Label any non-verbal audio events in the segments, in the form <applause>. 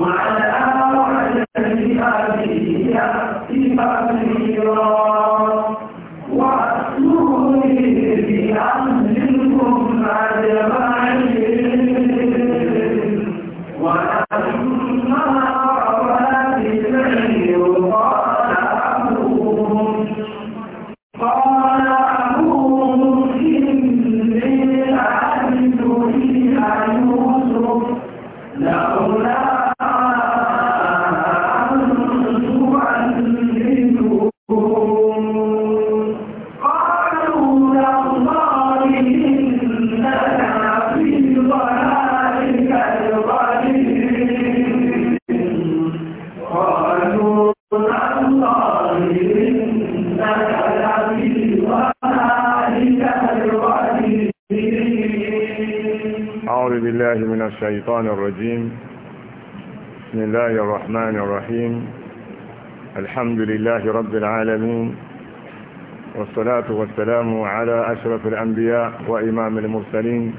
وعلى أعلى سيئاته في بأسيرا الشيطان الرجيم بسم الله الرحمن الرحيم الحمد لله رب العالمين والصلاة والسلام على أشرف الأنبياء وإمام المرسلين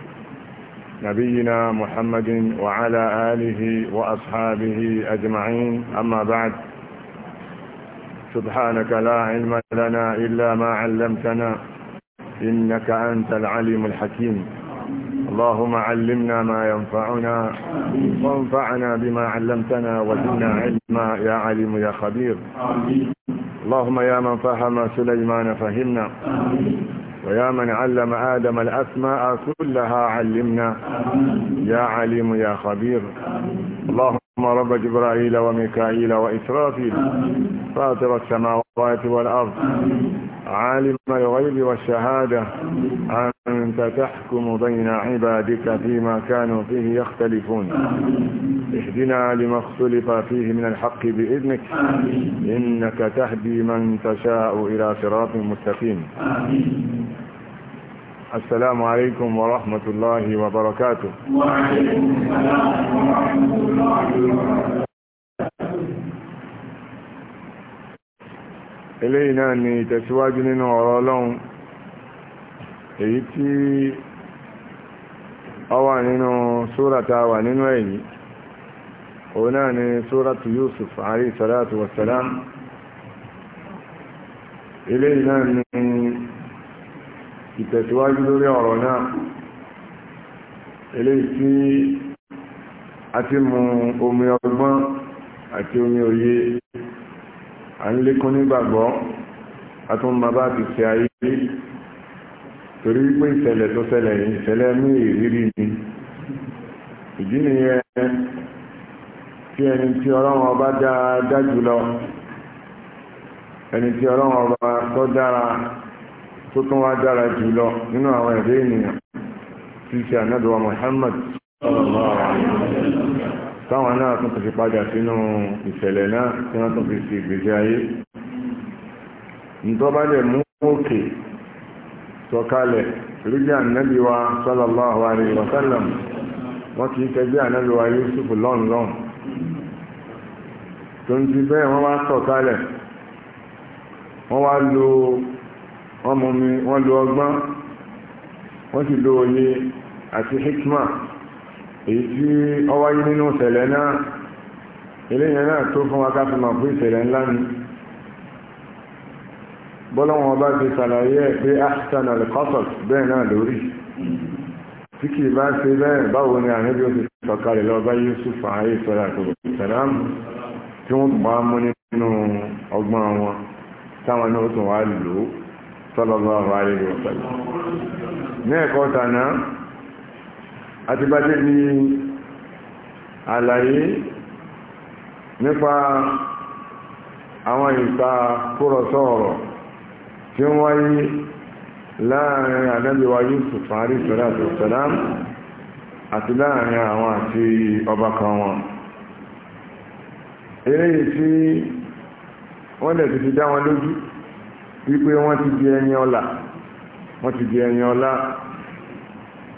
نبينا محمد وعلى آله وأصحابه أجمعين أما بعد سبحانك لا علم لنا إلا ما علمتنا إنك أنت العليم الحكيم اللهم علمنا ما ينفعنا وانفعنا بما علمتنا وزدنا علما يا عليم يا خبير اللهم يا من فهم سليمان فهمنا ويا من علم آدم الأسماء كلها علمنا يا عليم يا خبير اللهم رب جبرائيل وميكائيل وإسرافيل فاطر السماوات والأرض عالم الغيب والشهادة أنت تحكم بين عبادك فيما كانوا فيه يختلفون اهدنا لما اختلف فيه من الحق بإذنك إنك تهدي من تشاء إلى صراط مستقيم السلام عليكم ورحمة الله وبركاته وعليكم السلام ورحمة الله وبركاته eléyìí náà ni ìtẹ̀síwájú nínú ọ̀rọ̀ ọlọ́run èyí tí ọ wà nínú sóràtà wà nínú èyí òun náà ni sóràtù Yusuf alayhi salatu wassalam eléyìí náà ni ìtẹ̀síwájú lórí ọ̀rọ̀ náà eléyìí tí a ti mú omi ọgbọ́n àti omi òye a ń lékún nígbàgbọ́ a tún ma bá ti ṣe ayé torí pé ìṣẹ̀lẹ̀ tó ṣẹlẹ̀ ìṣẹ̀lẹ̀ mú ìrírí ni ìdí nìyẹn tí ẹni tí ọlọ́run ọba dáadáa jùlọ ẹni tí ọlọ́run ọba tó dára tó tún wá dára jùlọ nínú àwọn ẹ̀dẹ́ ènìyàn tí ṣe ànádọ́wà Muhammad sallallahu alaihi táwọn náà tún fi padà sínú ìṣẹ̀lẹ̀ náà tí wọ́n tún fi sí ìgbésí ayé nítọ́ bá dẹ̀ mú òkè sọ̀kalẹ̀ sallam wọ́n kìí tẹ́gbẹ́ ànẹ́bí wa Yusuf lọ́nlọ́n tó ń ti bẹ́ẹ̀ wọ́n wá sọ̀kalẹ̀ wọ́n wá lo ọmọ mi wọ́n lo ọgbọ́n wọ́n sì lo òye àti hikma èyí tí ó wáyé nínú ìṣẹ̀lẹ̀ náà eléyìn náà tó fún akáfimọ̀ fún ìṣẹ̀lẹ̀ ńlá ni bọ́lọ́wọ́n bá ti ṣàlàyé ẹ̀ pé ashton alcossus bẹ́ẹ̀ náà lórí tí kìí bá ṣe bẹ́ẹ̀ báwo ni àníbí ó ti sọ̀kalẹ̀ lọ bá Yusuf ayé sọ́ra tó sàlám tí wọ́n bá mú nínú ọgbọ́n wọn táwọn náà tún wá lò sọ́lọ́gbọ́n àwọn àríwọ̀ àti bá dé ní àlàyé nípa àwọn ìta kúrò sọ́ọ̀rọ̀ tí wọ́n yí láàrin ànábíwá Yusuf àrí sọ́láàtò sọ́lám àti láàrin àwọn àti ọba kan wọn eléyìí tí wọ́n lè ti dá wọn lójú wípé wọ́n ti di ẹni ọlá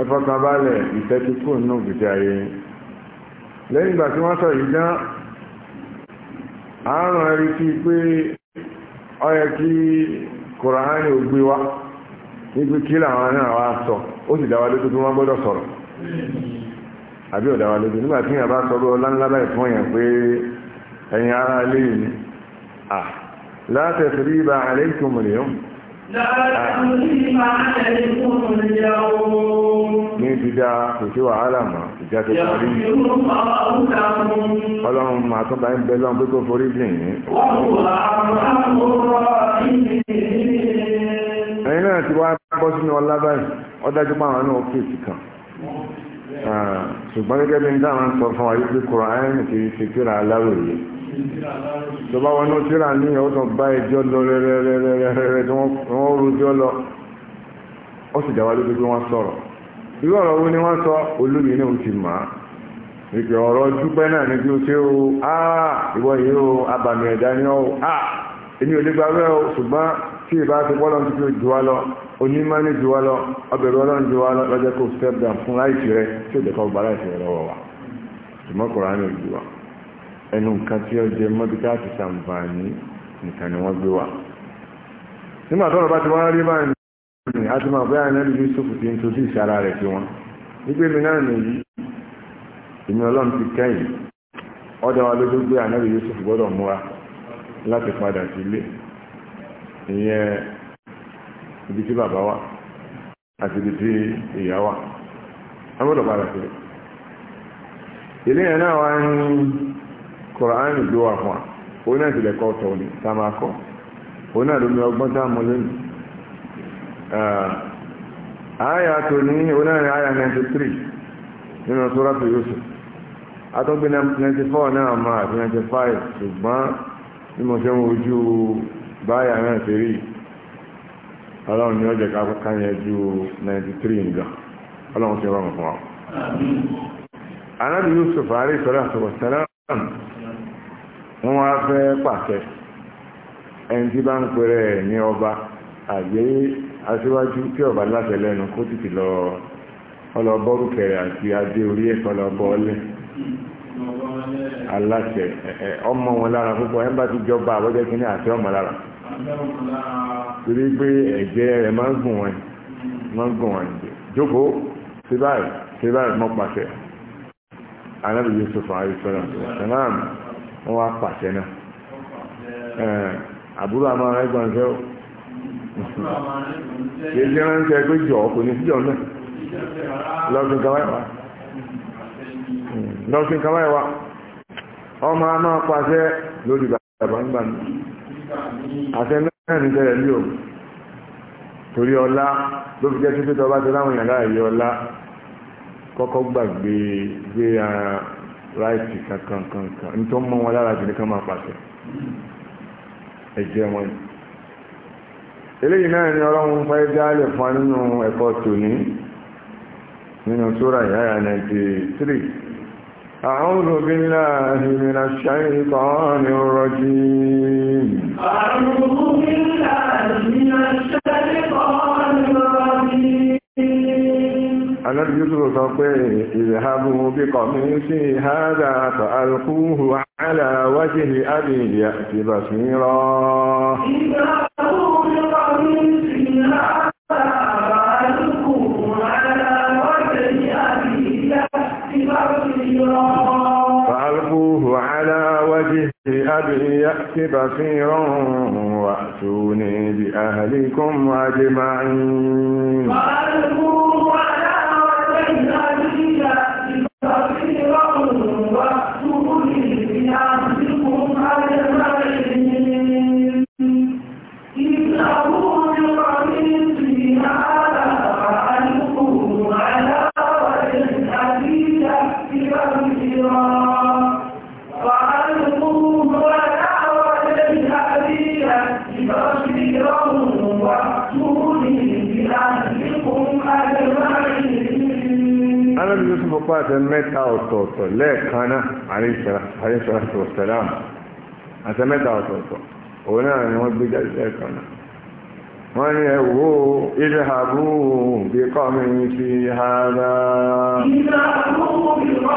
ẹfọkànbalẹ̀ ìtẹ́tíkù nínú ìgbìtì ayé lẹ́yìn ìgbà tí wọ́n sọ yìí dán àárùn ẹ̀rí tí pé kí kòránì ò gbé wá nígbé kí làwọn náà wá sọ ó sì dáwà lójú wọ́n gbọ́dọ̀ sọ̀rọ̀ àbí ò dáwà lójú nígbà tí sọ báyìí fún yàn pé ẹ̀yin ara ni à ní dídá kò sí wàhálà mọ́ ìjà tó parí ọlọ́run máa tún bá ń bẹ lọ́n pé kó forí jìn yín ẹ̀yin náà ti wá bọ́ sínú ọlá báyìí ó dájú pé àwọn náà fèsì kan ah, ṣùgbọ́n gẹ́gẹ́ bí n dáhùn sọ fún wa yìí pé kòrán ẹ̀yìn kì í kíra aláwòye ìjọba wọn náà tíra ní ọ̀tàn bá ẹjọ́ lọ rẹ̀rẹ̀rẹ̀rẹ̀ tí wọ́n rojọ́ lọ ó sì dáwà lójú pé wọ́n sọ̀rọ̀ irú ọ̀rọ̀ wo ni wọ́n sọ olóyè náà ti mà á ìpè ọ̀rọ̀ dúpẹ́ náà ni bí o ṣe o á ìwọ yìí o abàmì ẹ̀dá ni ọ́ á èmi ò lè gba rẹ́ o ṣùgbọ́n tí ìbá ti bọ́ lọ́n tuntun jù wá lọ onímọ̀ ní jù wá lọ ọbẹ̀rẹ̀ ọlọ́run jù wá lọ lọ́jọ́ kó step down fún láìsí rẹ tí ò jẹ́ kó gba láìsí rẹ lọ́wọ́ wa ṣùgbọ́n kò rán ní ojú wa. ẹnu nǹkan tí ó jẹ mọ́bíká àti ni wọ́n gbé wà nígbà tọ́rọ bá ti wá rí a Yusuf ti ń tojú ìsára rẹ̀ sí wọn nígbé mi náà nìyí ìmì ọlọ́run ti kẹ́yìn ọ̀dọ̀ wa lójú gbé àìlẹ́lú Yusuf gbọ́dọ̀ láti padà sí ilé ìyẹn ibi tí bàbá wà àti ibi tí ìyá wà a gbọ́dọ̀ náà kọ̀ránì ló wà fún wa òun náà tilẹ̀ kọ́ ọ̀tọ̀ ni tá a máa kọ́ òun náà lómi ọgbọ́n tá a mọ lónìí. àyà tó ní òun náà ní àyà 93 nínú Suratu Yusuf atọ́gbé 94 náà máa àti 95 ṣùgbọ́n bí mo ṣe ń wojú báyà náà ṣe rí ọlọ́run ni ó jẹ́ ká yẹn ju 93 nìkan ọlọ́run ṣe rọrùn fún wa. anábì Yusuf alayhi salatu wa salam wọ́n wá fẹ́ pàṣẹ ẹni tí bá ń pèrè ẹ̀ ní ọba àgbé aṣíwájú tí ọba láṣẹ lẹ́nu kó títí lọ ọlọ́bọ́rù kẹrẹ àti adé orí ẹ̀ kọlọ́bọ́ ọlẹ́ aláṣẹ ọmọ wọn lára púpọ̀ ẹ̀ ń bá ti jọba àwọ́jẹ́ kínní àti ọmọ lára torí pé ẹ̀jẹ̀ rẹ̀ máa ń gùn wọn máa ń gùn wọn jókòó síbáì síbáì mọ́ pàṣẹ anábìyí sọfà àìsàn sàlámù. wọ́n wá pàṣẹ náà àbúrò àmọ́ ara ẹgbọ́n ṣẹ́ o ṣe ránṣẹ́ pé jọ̀ kò ní síjọ́ náà lọ́sìn kàwáìwá lọ́sìn kàwáìwá ọmọ a pàṣẹ lórí bàbá ń gbà mí àṣẹ náà ní tẹ́lẹ̀ ní o torí ọlá ló fi jẹ́ gbàgbé ráìtì kankankankan nítorí mọ́ wọn lára jù ní ká máa pàṣẹ ẹ̀jẹ̀ wọn eléyìí náà ni ọlọ́run fẹ́ jálẹ̀ fún nínú ẹ̀kọ́ tòní nínú sóra ìyára 93 أعوذ بالله من الشيطان الرجيم أعوذ بالله من الشيطان ألم يدرك اذهبوا بقميصي هذا فألقوه على وجه أبي يأت بصيرا فألقوه على وجه أبي يأت بصيرا وأتوني بأهلكم أجمعين فألقوه Thank you. pàṣẹ mẹ́ta ọ̀tọ̀ọ̀tọ̀ lẹ́ẹ̀kan náà àríṣàṣọ sẹ́lám àṣẹ mẹ́ta ọ̀tọ̀ọ̀tọ̀ òun náà ni wọ́n gbé jáde lẹ́ẹ̀kan náà wọ́n ní ẹ̀wọ́ ìdíhàbù bí kọ́ mi fi hàrá ìdíhàbù bí kọ́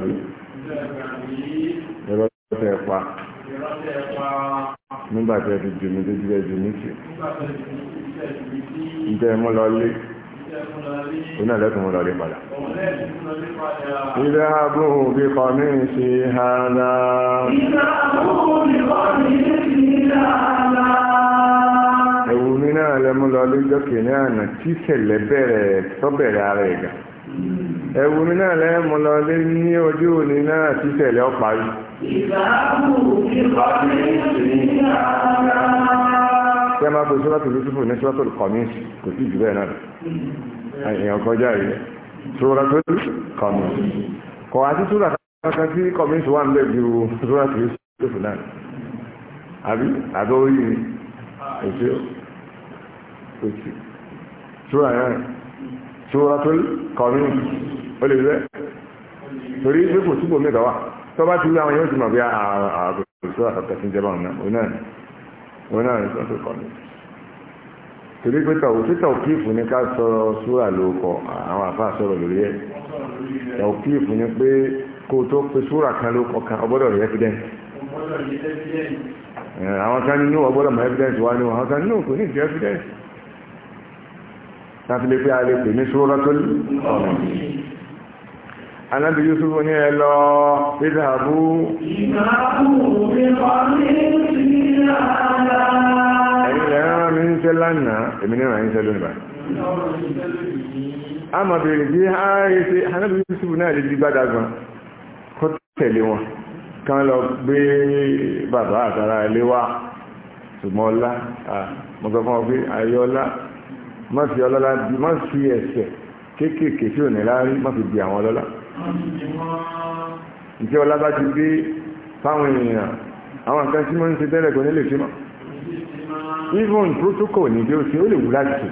mi nígbà tí ẹ fi jù mí lójú ẹ jù mí sí ǹjẹ́ mo lọ lé oní àlẹ́kùn mo lọ lé padà. ìdá abúrò bí kọ́ mí sí hàdá. ìdá abúrò bí kọ́ mí sí hàdá. ẹ̀wù mi náà lẹ mú lọ lójọ́ kìíní àná tí ìṣẹ̀lẹ̀ bẹ̀rẹ̀ tó bẹ̀rẹ̀ ara ẹ̀gà. ẹ̀wù mi náà lẹ mú lọ lé ní ojú òní náà tí ìṣẹ̀lẹ̀ ọ̀parí. Kí a máa pe Sọ́lá tòlú túfò ní Sọ́lá tòlú Kọ̀mís kò sí jù bẹ́ẹ̀ náà. Èèyàn kọjá rí. Sọ́lá tí Kọ̀mís wà ń náà. Àbí àgọ́ orí ni èsì òsì. náà. Sọ́lá tòlú Kọ̀mís. Ó lè bẹ́ẹ̀. Torí pé kò túbọ̀ mẹ́ta tọ́ba ti wí àwọn yóò ti mọ̀ bí àbùsọ àtàkùn jẹba ọ̀nà ọ̀nà ìsọ́sọ́ kọ́ni torí pé tàwọn tí tàwọn kíìfù ní ká sọ̀rọ̀ súrà ló kọ àwọn àfáà sọ̀rọ̀ lórí ẹ̀ tàwọn kíìfù ní pé kó tó pe súrà kan ló kọ kan ọgbọ́dọ̀ rí evidence àwọn kan nínú ọgbọ́dọ̀ mọ̀ evidence wá ní àwọn kan nínú kò ní ìdí evidence láti lè pé a lè pè ní súrà tó lù ọ̀nà anábi yusuf ní ẹlọ ìdàbú ẹ̀yìn ẹ̀rọ mi ń tẹ́ lánàá èmi ní ìrànyìn tẹ́ lónìí báyìí a mọ̀ bèèrè bí ààrẹ ṣe anábi yusuf náà lè di gbádà gan kọ́ tẹ̀lé wọn kan lọ gbé bàbá àtàrà ilé wa ṣùgbọ́n ọlá mọ̀gbọ́n fún ọ pé ayé ọlá má ẹ̀ṣẹ̀ kéékèèké tí ò ní láárí má fi àwọn ọlọ́lá ìṣẹ́ ọlá bá ti gbé fáwọn èèyàn àwọn nǹkan tí wọ́n ń ṣe tẹ́lẹ̀ kò ní lè ṣe mọ́ even protocol ní bí ó ṣe ó lè wù láti ṣe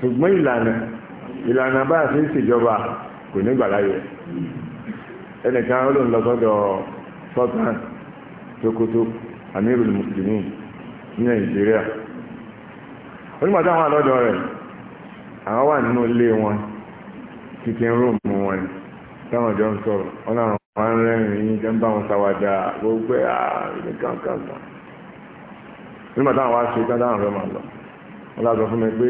ṣùgbọ́n ìlànà ìlànà bá a ṣe ń ṣèjọba kò ní gbà láyé ẹnìkan ó ló ń lọ sọ́dọ̀ sultan Sokoto amirul muslimin ní Nàìjíríà onígbà táwọn àlọ́dọ̀ rẹ̀ àwọn wà nínú ilé wọn kitchen room wọn ni táwọn jọ ń sọ̀rọ̀ wọn làwọn máa ń rẹ́rìn yín jẹ́ ń bá wọn sáwádà gbogbo ààrẹ kankan lọ nígbà táwọn wá ṣe tán táwọn fẹ́ máa lọ wọn lọ sọ fún mi pé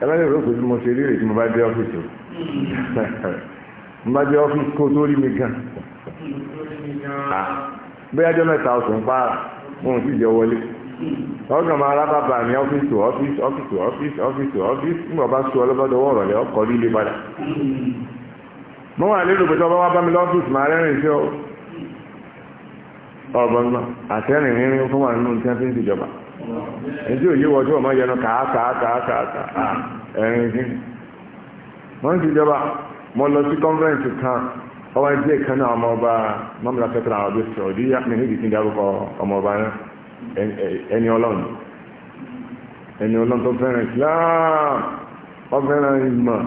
ẹ bá lè rò pé mo ṣe rírè tí mo bá dé ọ́fíìsì o <laughs> mo bá dé ọ́fíìsì kó tó rí mi gan bóyá jẹ́ mẹ́ta ọ̀sán pààrà mo ń sì jẹ́ wọlé ọgbọ̀n máa rábàbà ní ọ́fíìsì ọ́fíìsì ọ́fíìsì ọ́fíìsì ọ́fíìsì ọ́fíìsì nígbà bá sọ ọlọ́bàdàn ọwọ́ ọ̀rọ̀ lẹ́ ọkọ̀ líle padà mo wà lérò pé tọ́ba wá bá mi lọ́fíìsì máa rẹ́rìn sí ọ ọ̀bọ̀n náà àtẹ́rìn rínrin fún wa nínú tí wọ́n fi ń ṣèjọba èyí ò yí wọ tí wọ́n máa yẹnu kàá kàá kàá kàá kàá ẹ̀rìn sí wọ́n ti jọba mo lọ sí kọ́nfẹ́rẹ́ǹsì kan ọba díẹ̀ kan náà ọmọ ọba mọ́mílá pẹ́tẹ́rà àwọn ọdún sọ̀rọ̀ bí yá nínú ìdíkí dárúkọ ọmọ ọba náà ẹni ọlọ́run ẹni ọlọ́run tó fẹ́ràn Islam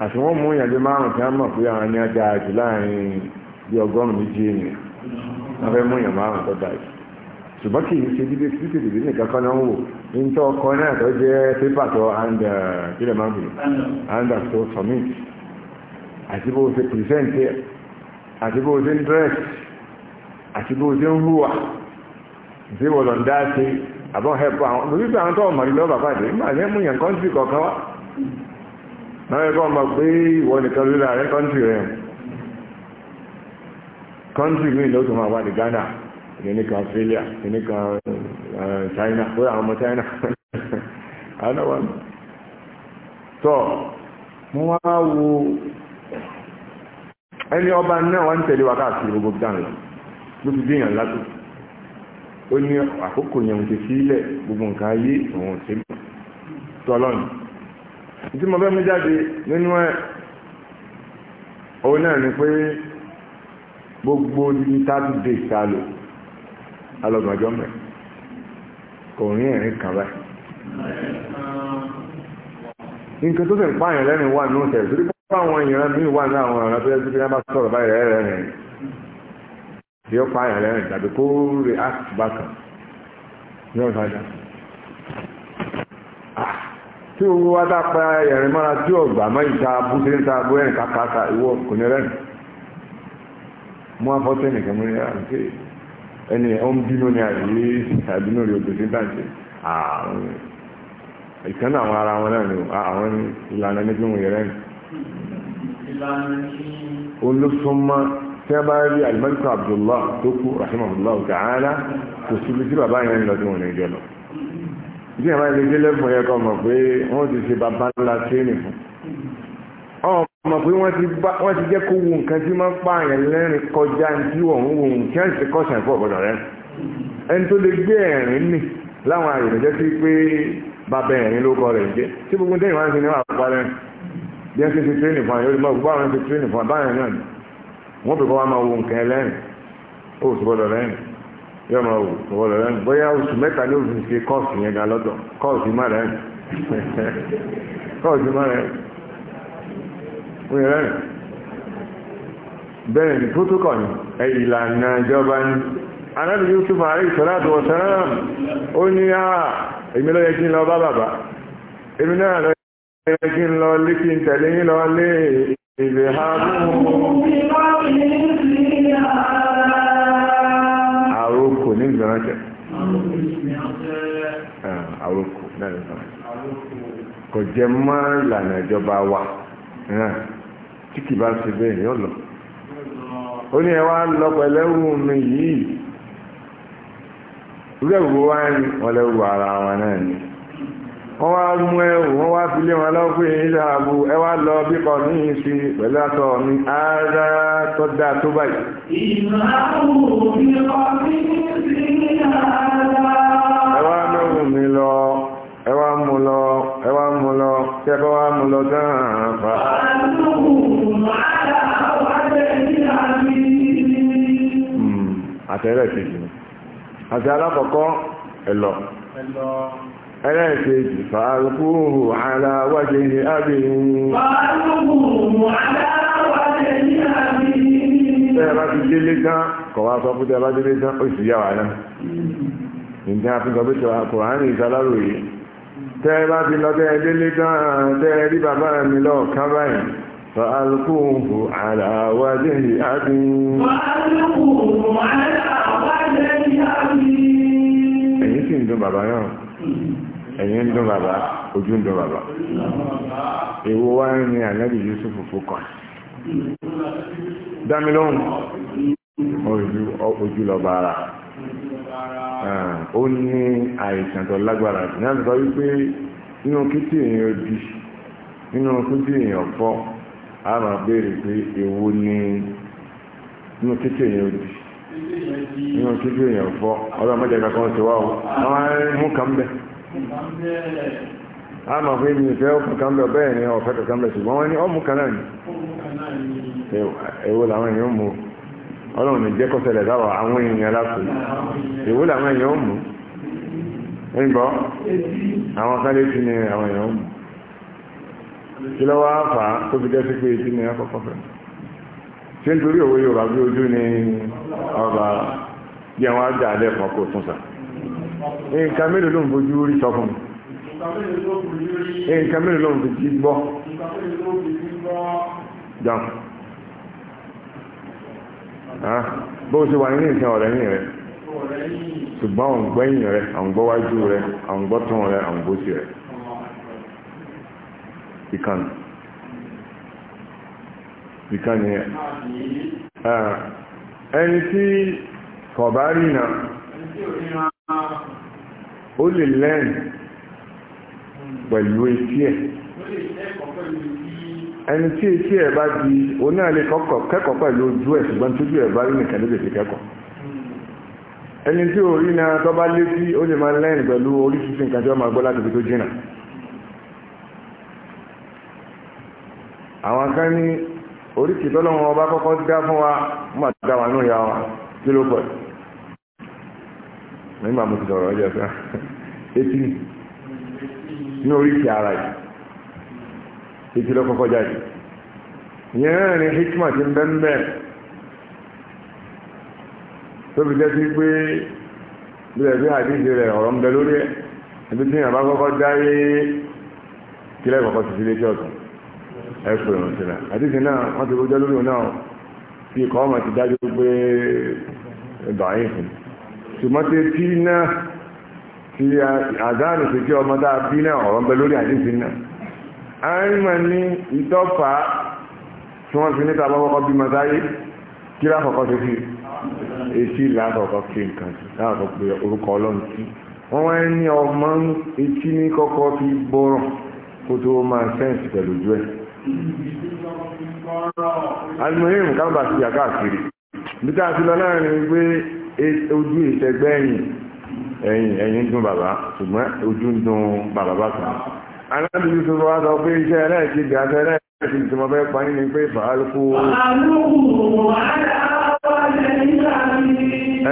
àti wọ́n mú márùn tí a mọ̀ pé àwọn ní ọjà àjù láàrin bí ọgọ́rùn méjì ènìyàn wọ́n fẹ́ mú ìyàn márùn tó dáa jù ṣùgbọ́n kì í ṣe dídé sí dídé nìkan kan náà wò ní tó ọkọ náà tó jẹ́ pépà tó uh, and and submit àti bó ṣe present àti bó ṣe n dress àti bó ṣe hùwà ṣé wọ́n lọ dá sí àbọ̀ hẹ́pọ̀ àwọn lórí àwọn tó ọmọ ìlú náà ẹgbọ́n mọ̀ pé ìwọ nìkan lórí ààrẹ kọ́ntì rẹ̀ kọ́ntì míì ló tún máa wà ní Ghana ìníkan Australia ìníkan eh, China ó àwọn ọmọ China anáwà tọ́ wọ́n wá wo ẹni ọba náà wọ́n tẹ̀lé wa káàkiri gbogbo dáhùn lọ ló fi dé yàn látò ó ní àkókò yẹn ti sílẹ̀ gbogbo nǹkan ayé òun ò sí tí mo fẹ́ mú jáde nínú ẹ̀ òun náà ni pé gbogbo ní thirty days ta lò alọ́gbọ̀njọ́ mẹ́ kò rí ẹ̀rín kan báyìí nǹkan tó sì ń pààyàn lẹ́nu wà nínú tẹ̀ torí pé àwọn èèyàn míì wà ní àwọn ọ̀rọ̀ tó yẹ kí wọ́n bá sọ̀rọ̀ báyìí rẹ̀ rẹ̀ rẹ̀ tí ó pààyàn lẹ́nu tàbí kó react bákan ní ọ̀sán tí òun wá dápa ẹ̀rìn mọ́ra tí ọ̀gbà mọ́ ìta búṣe ń ta bó ẹ̀rìn kàkàkà ìwọ kò ní rẹ́nu mú afọ́tẹ́ nìkan mú ní àǹtí ah, ẹni ọ̀n bínú ni àyè àbínú rẹ̀ ògbè sí dáǹtì àwọn ìkan náà àwọn ara wọn náà ni ah, àwọn ìlànà ní kí wọn yẹ rẹ́nu. olùsọmọ tí a bá rí alimẹ́ríkà Abdullah tó kú rahimahullah ta'ala kò síbi tí bàbá yẹn lọ sí wọn ní ìjọ lọ bí ẹ̀ máa lè dé lẹ́bùn yẹn kọ́ mọ̀ pé wọ́n ti ṣe bàbá ńlá tírénì fún ọmọ pé wọ́n ti jẹ́ kó wu nǹkan tí máa ń pààyàn lẹ́rìn kọjá tí wọ́n ń nǹkan kí àìsí kọ́sàn ìfọ̀ ọ̀gbọ̀dọ̀ rẹ̀ ẹni tó lè gbé ẹ̀rín nì láwọn àyẹ̀dẹ̀ jẹ́ sí pé bàbá ẹ̀rín ló kọ rẹ̀ jẹ́ tí gbogbo dẹ́yìn wá ń sin ní àpá rẹ̀ bí wọ́n ti ṣe tírénì fún àyẹ̀wò ìmọ̀ gbogbo àwọn ti tírénì fún àbáyàn náà wọ́n fi kọ́ wá máa wo nǹkan ẹlẹ́rìn ó sì gbọ́dọ̀ lẹ́rìn yóò máa wò wọ́n lọ lẹ́nu bóyá oṣù mẹ́ta ní òfin ṣe kọ́ọ̀sì yẹn gan lọ́dọ̀ kọ́ọ̀sì má rẹ̀ <laughs> kọ́ọ̀sì má rẹ̀ ó yẹ lẹ́nu bẹ́ẹ̀ ni protocol ni ìlànà ìjọba ni anábì Yusuf ààrẹ ìsọ́láàtò ọ̀sán ó ní à èmi ló yẹ kí n lọ bá bàbá èmi náà lọ yẹ kí n lọ lé kí n tẹ̀lé yín lọ lé ìbèhà ní ìjọra kò jẹ mọ́ ìlànà ìjọba wa tí kì bá ṣe bẹ́ẹ̀ yóò lọ. ó ní ẹ wá lọ pẹ̀lẹ́rù mi wọ́n wá mú ẹrù wọ́n wá fi lé wọn lọ́pẹ́ ìlàbù ẹ wá lọ bí kọ ní ìsì pẹ̀lú àtọ̀ mi ara tó dá tó báyìí. ẹ wá mẹ́rù mi lọ ẹ wá mú lọ ẹ wá mú lọ kí ẹ bá wá mú lọ dáhàn fà. Hmm, àtẹ̀rẹ̀ kejì àti alákọ̀ọ́kọ́ ẹ̀ lọ. ẹlẹ́ẹ̀kejì fàárùkúhù aláwájẹ́ ní ábìnrin ala aláwájẹ́ ní ábìnrin tẹ́ẹ̀bá ti délé tán kọ̀wá sọ fún tẹ́ẹ̀bá ti lọ tẹ́ẹ̀ ẹ̀yìn ń dùn bàbá ojú ń dùn bàbá èwo wá ń rin ànábì Yusuf fòkàn dámi lóhùn ojú ojú lọ bá ara ó ní àìsàn tó lágbára ní àtúntò wípé nínú kìtì èèyàn odi nínú kìtì èèyàn fọ́ a máa béèrè pé èwo ni nínú kìtì èèyàn odi nínú kìtì èèyàn fọ́ ọlọ́mọdé kankan ti wá o wọ́n á mú kàn bẹ́ẹ̀ a mọ̀ pé ibi ìfẹ́ ọkàn kan bẹ̀ bẹ́ẹ̀ ni ọ̀fẹ́ kankan bẹ̀ ṣùgbọ́n wọ́n ní ọmú kan ni èwo làwọn èèyàn mú ọlọ́run ní jẹ́ kọ́sẹ̀lẹ̀ sáwọ̀ àwọn èèyàn lápò èwo làwọn èèyàn mú ń gbọ́ àwọn kan létí ni àwọn èèyàn mú kí lọ́wọ́ á fà á tó fi jẹ́ sí pé etí ni akọ́kọ́ fẹ́ ṣé nítorí òwe Yorùbá bí ojú ni ọba jẹun á dà lẹ́ẹ̀kan kó tún sàn. Eh, nǹkan mélòó ló ń bojú rí sọ fún mi eh, nǹkan mélòó ló ń bojú gbọ́ jọ ah, bó ṣe wà nínú ìsìn ọ̀rẹ́ yìí rẹ ṣùgbọ́n àwọn gbẹ́yìn rẹ àwọn gbọ́wájú rẹ àwọn gbọ́tàn rẹ àwọn gbóṣì rẹ ìkànnì ìkànnì ẹ̀ ah, ẹni tí kọ̀bárì náà ó lè lẹ́rìn pẹ̀lú etí ẹ̀ ẹni tí etí ẹ̀ bá di oní àlè kẹ́kọ̀ọ́ pẹ̀lú ojú ẹ̀ ṣùgbọ́n tójú ẹ̀ bá rí nìkan ló tètè kẹ́kọ̀ọ́ ẹni tí orí na tó bá létí ó lè máa lẹ́rìn pẹ̀lú oríṣiríṣi nǹkan tí wọ́n máa gbọ́ láti fi tó jìnà àwọn kan ní oríṣi tọ́lọ́wọ́n ọba kọ́kọ́ dá fún wa má dá wa nù ya wa kí ló pẹ̀lú nígbà mo ti dọ̀rọ̀ ẹjọ́ sí etí ní oríkì ara yìí etí ló kọ́kọ́ jáde ìyẹn náà ni hikma ti ń bẹ́ ń bẹ́ tó fi jẹ́ sí pé bí ẹ̀bí àdíje rẹ̀ ọ̀rọ̀ ń bẹ lórí ẹ̀ ibi tí ìyàbá kọ́kọ́ dáyé kílẹ̀ kọ́kọ́ ti fi létí ọ̀tún ẹ̀ pè wọ́n sílẹ̀ àdíje náà wọ́n ti rojọ́ lórí òun náà fi ikọ̀ ọmọ ti dájú pé ẹ̀bà yìí fún un tòmọ́tẹ́ tí náà ti àdánù pé kí ọmọ dáa bí náà ọ̀rọ̀ ń bẹ lórí àdínsì náà àárín ní ìtọ́fà tí wọ́n fi níta bá kọ́kọ́ bímọ sáyé kí lákọ̀ọ́kọ́ ti fi etí lákọ̀ọ́kọ́ kí nǹkan sí láàkọ́ pé orúkọ ọlọ́run sí wọ́n wá ní ọmọ etí ní kọ́kọ́ fi gbọ́rọ̀ kó tó máa sẹ́ǹsì pẹ̀lú ojú ẹ̀ alimoyim kábàtì àkáàkiri bí táà ti lọ láàrin gbé ojú ìṣẹ́gbẹ́ ẹ̀yìn ẹ̀yìn ẹ̀yìn dùn bàbá ṣùgbọ́n ojú ń dùn bàbá bá kan alábìlú tó wá sọ pé iṣẹ́ ẹlẹ́ẹ̀kì gàṣẹ́ ẹlẹ́ẹ̀kì tí mo fẹ́ pa ní ni pé fàálùkù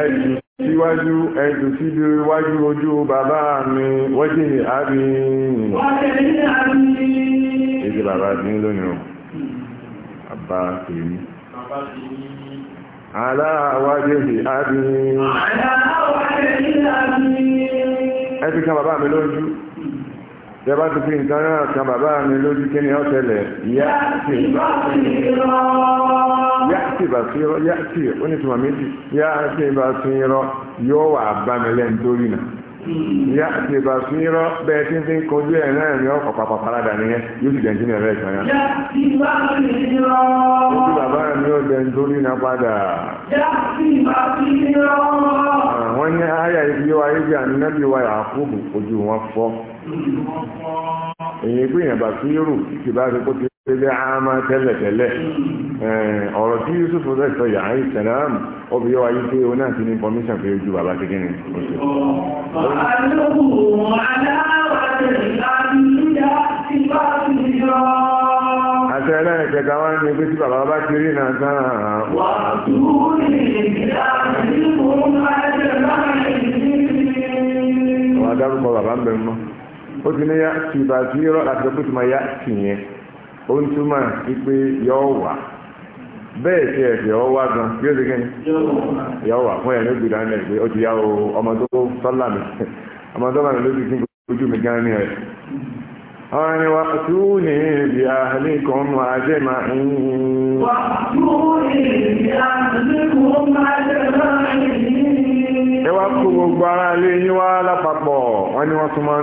ẹ̀jù síwájú ẹ̀jù síbi iwájú ojú bàbá mi wọ́jì ní àbí ìdí bàbá ti ń lónìí o bàbá tèmi aláwájé sí àbí ẹbí kan bàbá mi lójú yẹ bá ti fi nǹkan náà kan bàbá mi lójú kí ni ó tẹ̀lẹ̀ yá sí bá sí rọ yóò wà bá mi lẹ́nu náà ìyá ti bá fi ń rọ bẹ́ẹ̀ tí ń fi ń kojú ẹ̀ náà ní ọkọ̀ pàpà parada nìyẹn yóò sì jẹ́ ìjìnlẹ̀ rẹ̀ kan yá. ojú bàbá mi ò jẹ́ nítorí náà padà. Ah, wọ́n ní àyà ibi wa ibi àmì náà bí wa Yakubu ojú wọn fọ́. èyí pé ìyàbà fi rù kì bá fi kó ti tẹ́lẹ̀ àmà tẹ́lẹ̀tẹ́lẹ̀ hmm. ọ̀rọ̀ tí Yusuf rẹ̀ sọ yà áyì sẹ́lám ó bí wáyé pé o náà ti ní pọmíṣàn pé ojú bàbá ti gíní oṣù. àti ẹlẹ́ẹ̀kẹta wá ní pé tí bàbá bá ti rí náà tán. wà á tún ní ìdílé ó ń túmọ̀ bẹ́ẹ̀ ẹ̀fẹ̀ ọ gan bí ó ti gẹ́ni yọ fún ẹ̀rọ ìgbìdá náà pé ó ti yá o ọmọ tó sọ́là mi ọmọ tó sí ojú mi gan ni rẹ̀ ọ̀rọ̀ ni wà tú ní ibi àhàlẹ́ ajé máa ń wà tú ní ibi ajé máa ń ẹ wá kó gbogbo ara lé yín wá lápapọ̀ wọ́n ní wọ́n tún máa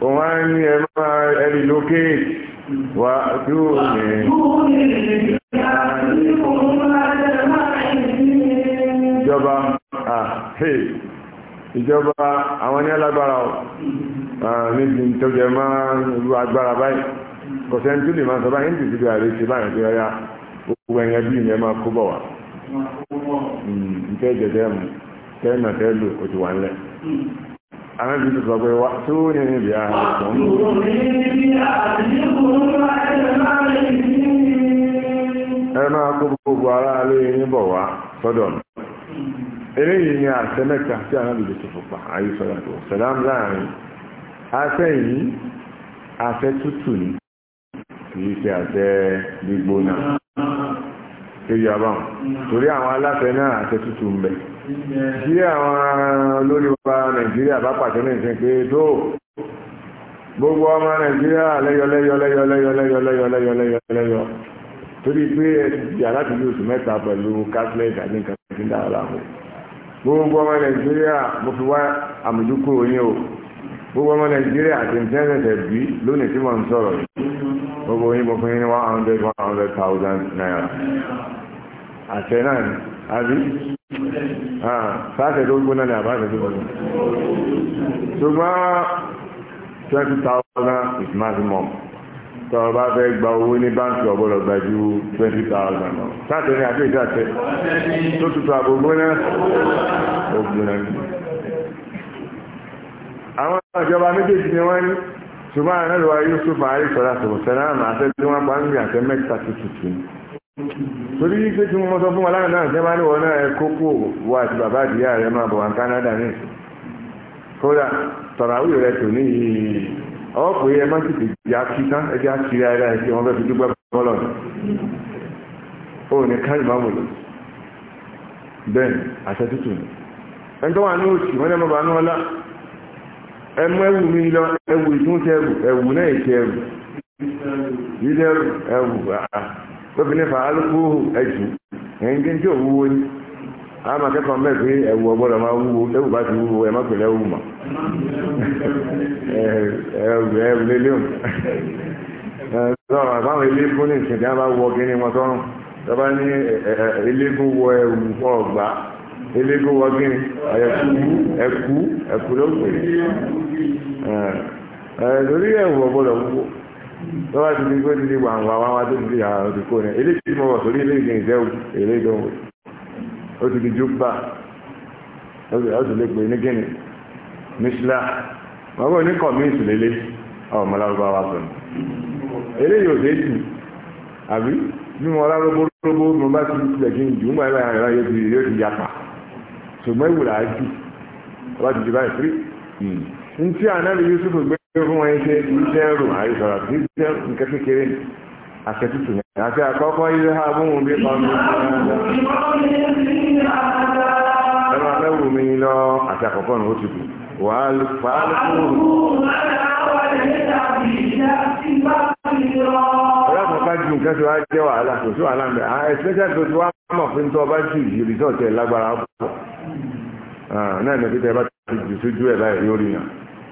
òun máa ẹ̀rì lókè wà dúró ní ìjọba ìjọba àwọn ní alágbára ọ̀ níbi ìtọ́jẹ máa ru agbára báyìí kọ̀sẹ̀ tó lè máa sọ báyìí níbi ìdíbò ààrẹ ṣe báyìí tó yára gbogbo ẹ̀yẹ bí ìyẹn máa kó bọ̀ wá ìtẹ́jẹ̀ hmm, tẹ́ mu ó ti wà ńlẹ̀. anábì tó sọ ịwa wá tó ní níbi ààrẹ tó ń máa kó gbogbo ara alẹ́ yín bọ̀ wá sọ́dọ̀ mi eléyìí ni àṣẹ mẹ́ta tí anábì pa ayé tó láàrin yìí àṣẹ ni kìí ṣe àṣẹ gbígbóná. Èyí àbáwọn, torí àwọn aláṣẹ náà tí àwọn olórí wa nàìjíríà bá pàṣẹ ní ìsìn pé tó gbogbo ọmọ nàìjíríà lẹ́yọlẹ́yọlẹ́yọlẹ́yọlẹ́yọlẹ́yọlẹ́yọ torí pé ẹ̀sìdìyà láti bí oṣù mẹ́ta pẹ̀lú catholic àti nǹkan tí ń dára láàmú gbogbo ọmọ nàìjíríà mo fi wá àmójúkú oyin o gbogbo ọmọ nàìjíríà àti ìtẹ́sẹ̀sẹ̀ bí lónìí tí mo ń sọ̀rọ̀ yìí gbogbo oyin mo fi ní one hundred one hundred thousand naira àṣẹ náà ni àbí sáàṣẹ tó gbóná ni àbáṣẹ tó gbóná ṣùgbọ́n twenty thousand is maximum tọ́wọ́ bá fẹ́ gba owó ní báńkì ọ̀gbọ́dọ̀ gba ju twenty thousand lọ sáàṣẹ ni àti ìdáṣẹ tó tutù àbò gbóná ó gbóná ni àwọn ìjọba méjèèjì ni wọ́n ní ṣùgbọ́n àwọn ẹlòmíràn Yusuf àríṣọ́lá sọ̀rọ̀ sẹ́nà àmà àtẹ́gbẹ́ wọn bá ń gbé àtẹ́ mẹ́ta tuntun torí wípé tí mo sọ fún wa lánàá náà jẹ́ bá ní wọn náà ẹ kókó wo àti bàbá àdìyá rẹ máa bọ̀ wá ní Canada ní ìsìn kódà tọ̀ràwí rẹ tò ní yìí ọwọ́ pé ẹ má sì fi jà kí tán ẹ jẹ́ àkiri ara ẹ kí wọ́n fẹ́ fi dúpẹ́ bọ́lọ̀ ní ó ní káyì máa wòlò bẹ́ẹ̀ àṣẹ tútù ní ẹni tó wà ní òsì wọ́n lẹ́mọ̀ bá ní ọlá ẹmú ẹwù mi lọ ẹwù ìtúnṣẹ́ẹ̀wù ẹwù náà ìṣẹ́ẹ̀wù tóbi nípa alukóhù ẹ̀jù ẹ̀ǹgẹ́ tí ò wúwo ní àmà kẹ́kọ̀ọ́ mẹ́ ẹ̀wù ọgbọ́dọ̀ máa wúwo ẹ̀wù bá ti wúwo ẹ̀ má pèlè ẹ̀wù mọ̀ ẹ̀wù ẹ̀wù lélẹ́ òun lọ́rọ̀ àbáwọn eléégún ní ìsìnkú á wọ kíní wọn tọ́rùn tọ́ba ní eléégún wọ ẹ̀wù ọ̀gbà eléégún wọ kíní ẹ̀kú ẹ̀kú ẹ̀kú ló pè é lórí ẹ̀wù ọgbọ́dọ̀ wúwo lọ́wọ́ ti di pé ti di wàǹwà wá wá tó ti di àwọn òdìkó rẹ̀ eléyìí tí mo wọ̀ sórí eléyìí kì í jẹ́ eléyìí tó ń wò ó ti di jùbà ó ti lè pè ní gíní mísílá wọ́n bọ̀ ní kọ̀míìsì lélẹ̀ ọmọ lárúbáwá sọ̀rọ̀ eléyìí ò dé jù àbí bí mo lárúbó lóbó mo bá ti tilẹ̀ kí n jù ú mọ̀ ẹ̀rọ ẹ̀rọ yóò ti yóò ti yapa ṣùgbọ́n ìwúrà á jù ọba ti di báyìí pé hmm. ntí ànábi Yusuf gbé pé fún wọn ṣe ìṣẹ́rù àìsàrà tí ìṣẹ́rù nǹkan kékeré ní àṣẹtútù ní àti àkọ́kọ́ ilé ha mú un bí ọmọ ẹ̀rọ mẹ́wù mi lọ àti àkọ́kọ́ ní ó ti bù wà á lù fà á lù fún un. ọlọ́pàá bá ju nǹkan tí wàá jẹ́ wàhálà kò sí wàhálà ń bẹ̀ ah, tó ti wá mọ̀ fún tó ọba jù yìí rìsọ́ọ̀tì ẹ̀ lágbára pọ̀ ah, náà ní ọdún tẹ bá ti jù sójú ẹ̀ báyìí yóò rí yàn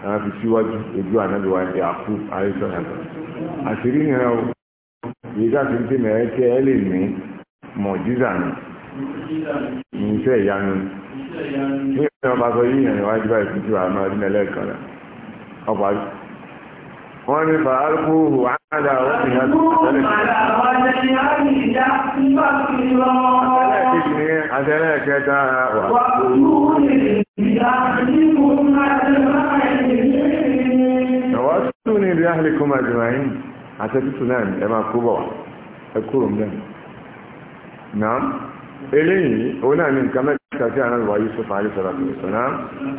àwọn fi síwájú ojú ànábì wa ti àkú àrísọ̀rọ̀ àṣírí ni ẹ̀rọ yìí ká fi ń tèmi ẹ̀ kí ẹ lè ní mọ̀jísà ni iṣẹ́ ìyanu ní ìyẹn ọba sọ yíyan níwájú báyìí tuntun àmọ́ ọdún ẹlẹ́ẹ̀kan rẹ̀ ọba wọ́n ní fàárùkù wàhálà òfin àtẹlẹ́kẹta wà. ahlikum ajma'in àti tútù náà ẹ máa kó bọ̀ wá ẹ kúrò mẹ́ náà eléyìí òun náà ní nǹkan mẹ́ta tí àwọn ìwà yìí sọ́fà àyè sọ̀rọ̀ àtúnṣe náà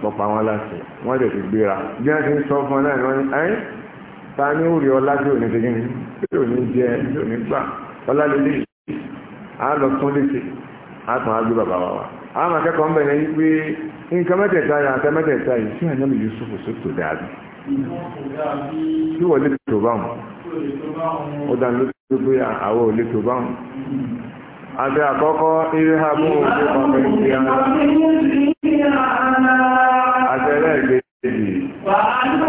pọ̀pọ̀ àwọn aláṣẹ wọ́n dẹ̀ ti gbéra bí wọ́n ti ń sọ fún ọ náà ni wọ́n ní ẹ́ ta ni ó rí ọlá tí ò ní ṣe kí ni tí ò ní jẹ tí wọ́n lè tó bá wọn ó dá lójú pé àwọn ò lè tó bá wọn àti àkọ́kọ́ eré àbú òkú ọ̀pẹ̀ ìgbé ara àti ẹlẹ́gbẹ̀ẹ́ ìgbè àti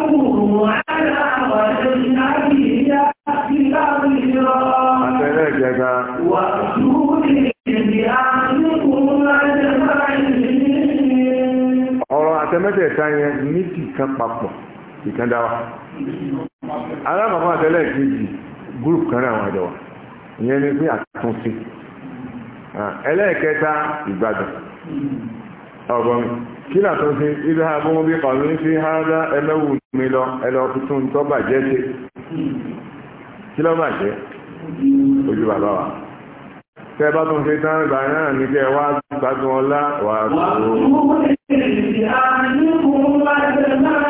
ọ̀rọ̀ àtẹ́mẹ́tẹ̀ẹ̀ta yẹn ní kìkan papọ̀ ìkan dáwà alákọ̀ọ́kọ́ àtẹ́lẹ̀ kejì gúrùpù kan náà wọ́n àjọ wa ìyẹn ni pé àtúnṣe ẹlẹ́ẹ̀kẹta ìgbàdàn ọ̀gbọ́n kí làtúnṣe ibi ha bọ́ bí pàlú ní fi ha dá ẹlẹ́wù mi lọ ẹlọ tuntun tó bàjẹ́ ṣe kí lọ́ bàjẹ́ ojú bàbá wa tẹ́ bá tún ṣe tán ìgbà náà ní kẹ́ wá gbádùn ọlá wà á tó. wà á tó mú ẹ̀rẹ̀ ìdí àmì ní kò ń bá ẹgbẹ́ náà.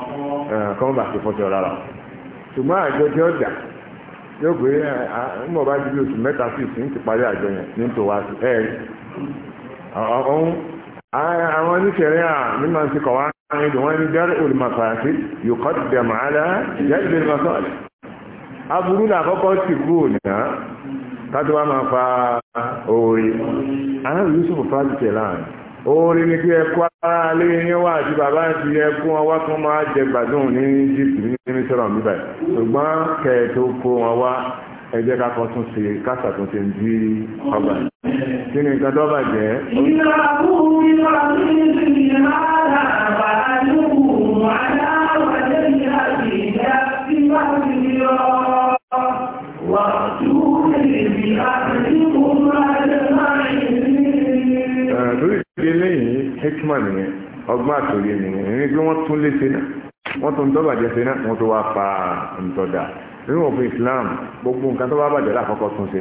kọ́mọ́ bá ti fọ́tọ̀ rárá ṣùgbọ́n àjọ tí ó dà yóò pé mọ̀ bá ju oṣù mẹ́ta sí ìsìn ti parí àjọ yẹn ní tòwá sí ẹ̀ ọ̀hún àwọn oníṣẹ̀rẹ́ à ní máa ti kọ̀ wá ní ìdùn wọn ní járe olùmọ̀fàṣí yóò kọ́ ti dẹ̀mọ̀ àlá jáde lè lọ aburú là kọ́kọ́ sì kú ònà kátó wá máa fa òòrè aláàbò Yusuf fásitì láàrin orí ní kí ẹkú alé yín wà àti bàbá àti ẹkú wọn wá kán máa jẹ gbádùn ní Egypt ní mísọ̀rọ̀ níbẹ̀ ṣùgbọ́n kẹ̀ẹ̀tọ́ kó wọn wá ẹ jẹ́ ká kọ́ tún ṣe kásà tún ṣe ń di ọba kí ni nǹkan tó bàjẹ́. ìlànà àbúrò ìlànà ìlú ìlànà àbáyé. hikma nìyẹn ọgbọ́n àtòrí nìyẹn ìrìn pé wọ́n tún lé ṣe wọ́n tún tọ́ bàjẹ́ wọ́n tó wá fa ntọ́da nínú òfin Islam gbogbo nǹkan tó bá bàjẹ́ lákọ́kọ́ tún ṣe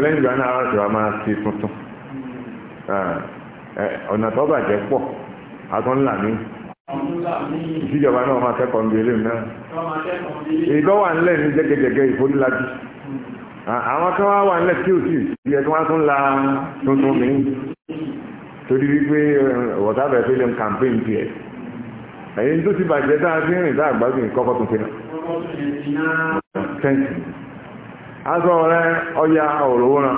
lẹ́yìn ìgbà náà àwọn àti máa ṣe tuntun ọ̀nà tó bàjẹ́ pọ̀ àtúnlà mi ìṣíjọba náà máa kẹ́kọ̀ọ́ ń gbélé náà ìdọ́wà ńlẹ̀ ní jẹ́gẹ́jẹ́gẹ́ ìfónílájú àwọn kan wá wà ńlẹ̀ tí ò sí ìyẹ́ tí wọ́n tún la tuntun mi torí wípé wọ̀tábẹ̀ eh, fi lè campaign tiẹ̀ ẹ̀yìn tó ti bàjẹ́ tá a fi rìn tá a gbádùn ìkọ́kọ́ tó fi náà tẹ́ǹtì aṣọ rẹ ọya òróró náà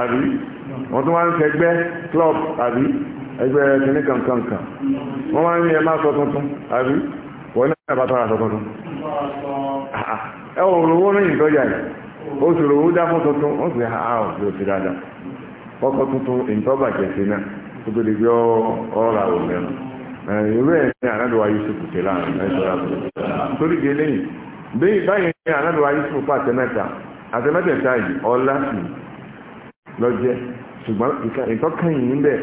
àbí wọ́n tún wá ń tẹgbẹ́ club àbí ẹgbẹ́ kìíní kankankan wọ́n wá ń yẹ má sọ tuntun àbí wọ́n ní ẹ̀bá tọ́ra sọ tuntun ẹ òróró náà yìí tọ́jà yìí oṣù òróró dá fún tuntun wọ́n sì há òfin òfin dáadáa kọ́kọ́ tuntun ìtọ́bà jẹ̀sí náà tó tó lè gbé ọ̀rọ̀ àwọn mẹ́rin ìlú ẹ̀ ní ànádùwà Yusuf tẹ̀ láàrin ẹ̀ṣọ́ àbúrò torí di eléyìí bẹ́ẹ̀ báyìí ní ànádùwà Yusuf pàtẹ́mẹ́ta àtẹ́mẹ́tẹ̀ẹ̀ta yìí ọlá sí lọ́jẹ́ ṣùgbọ́n ìtọ́kẹ́yìn níbẹ̀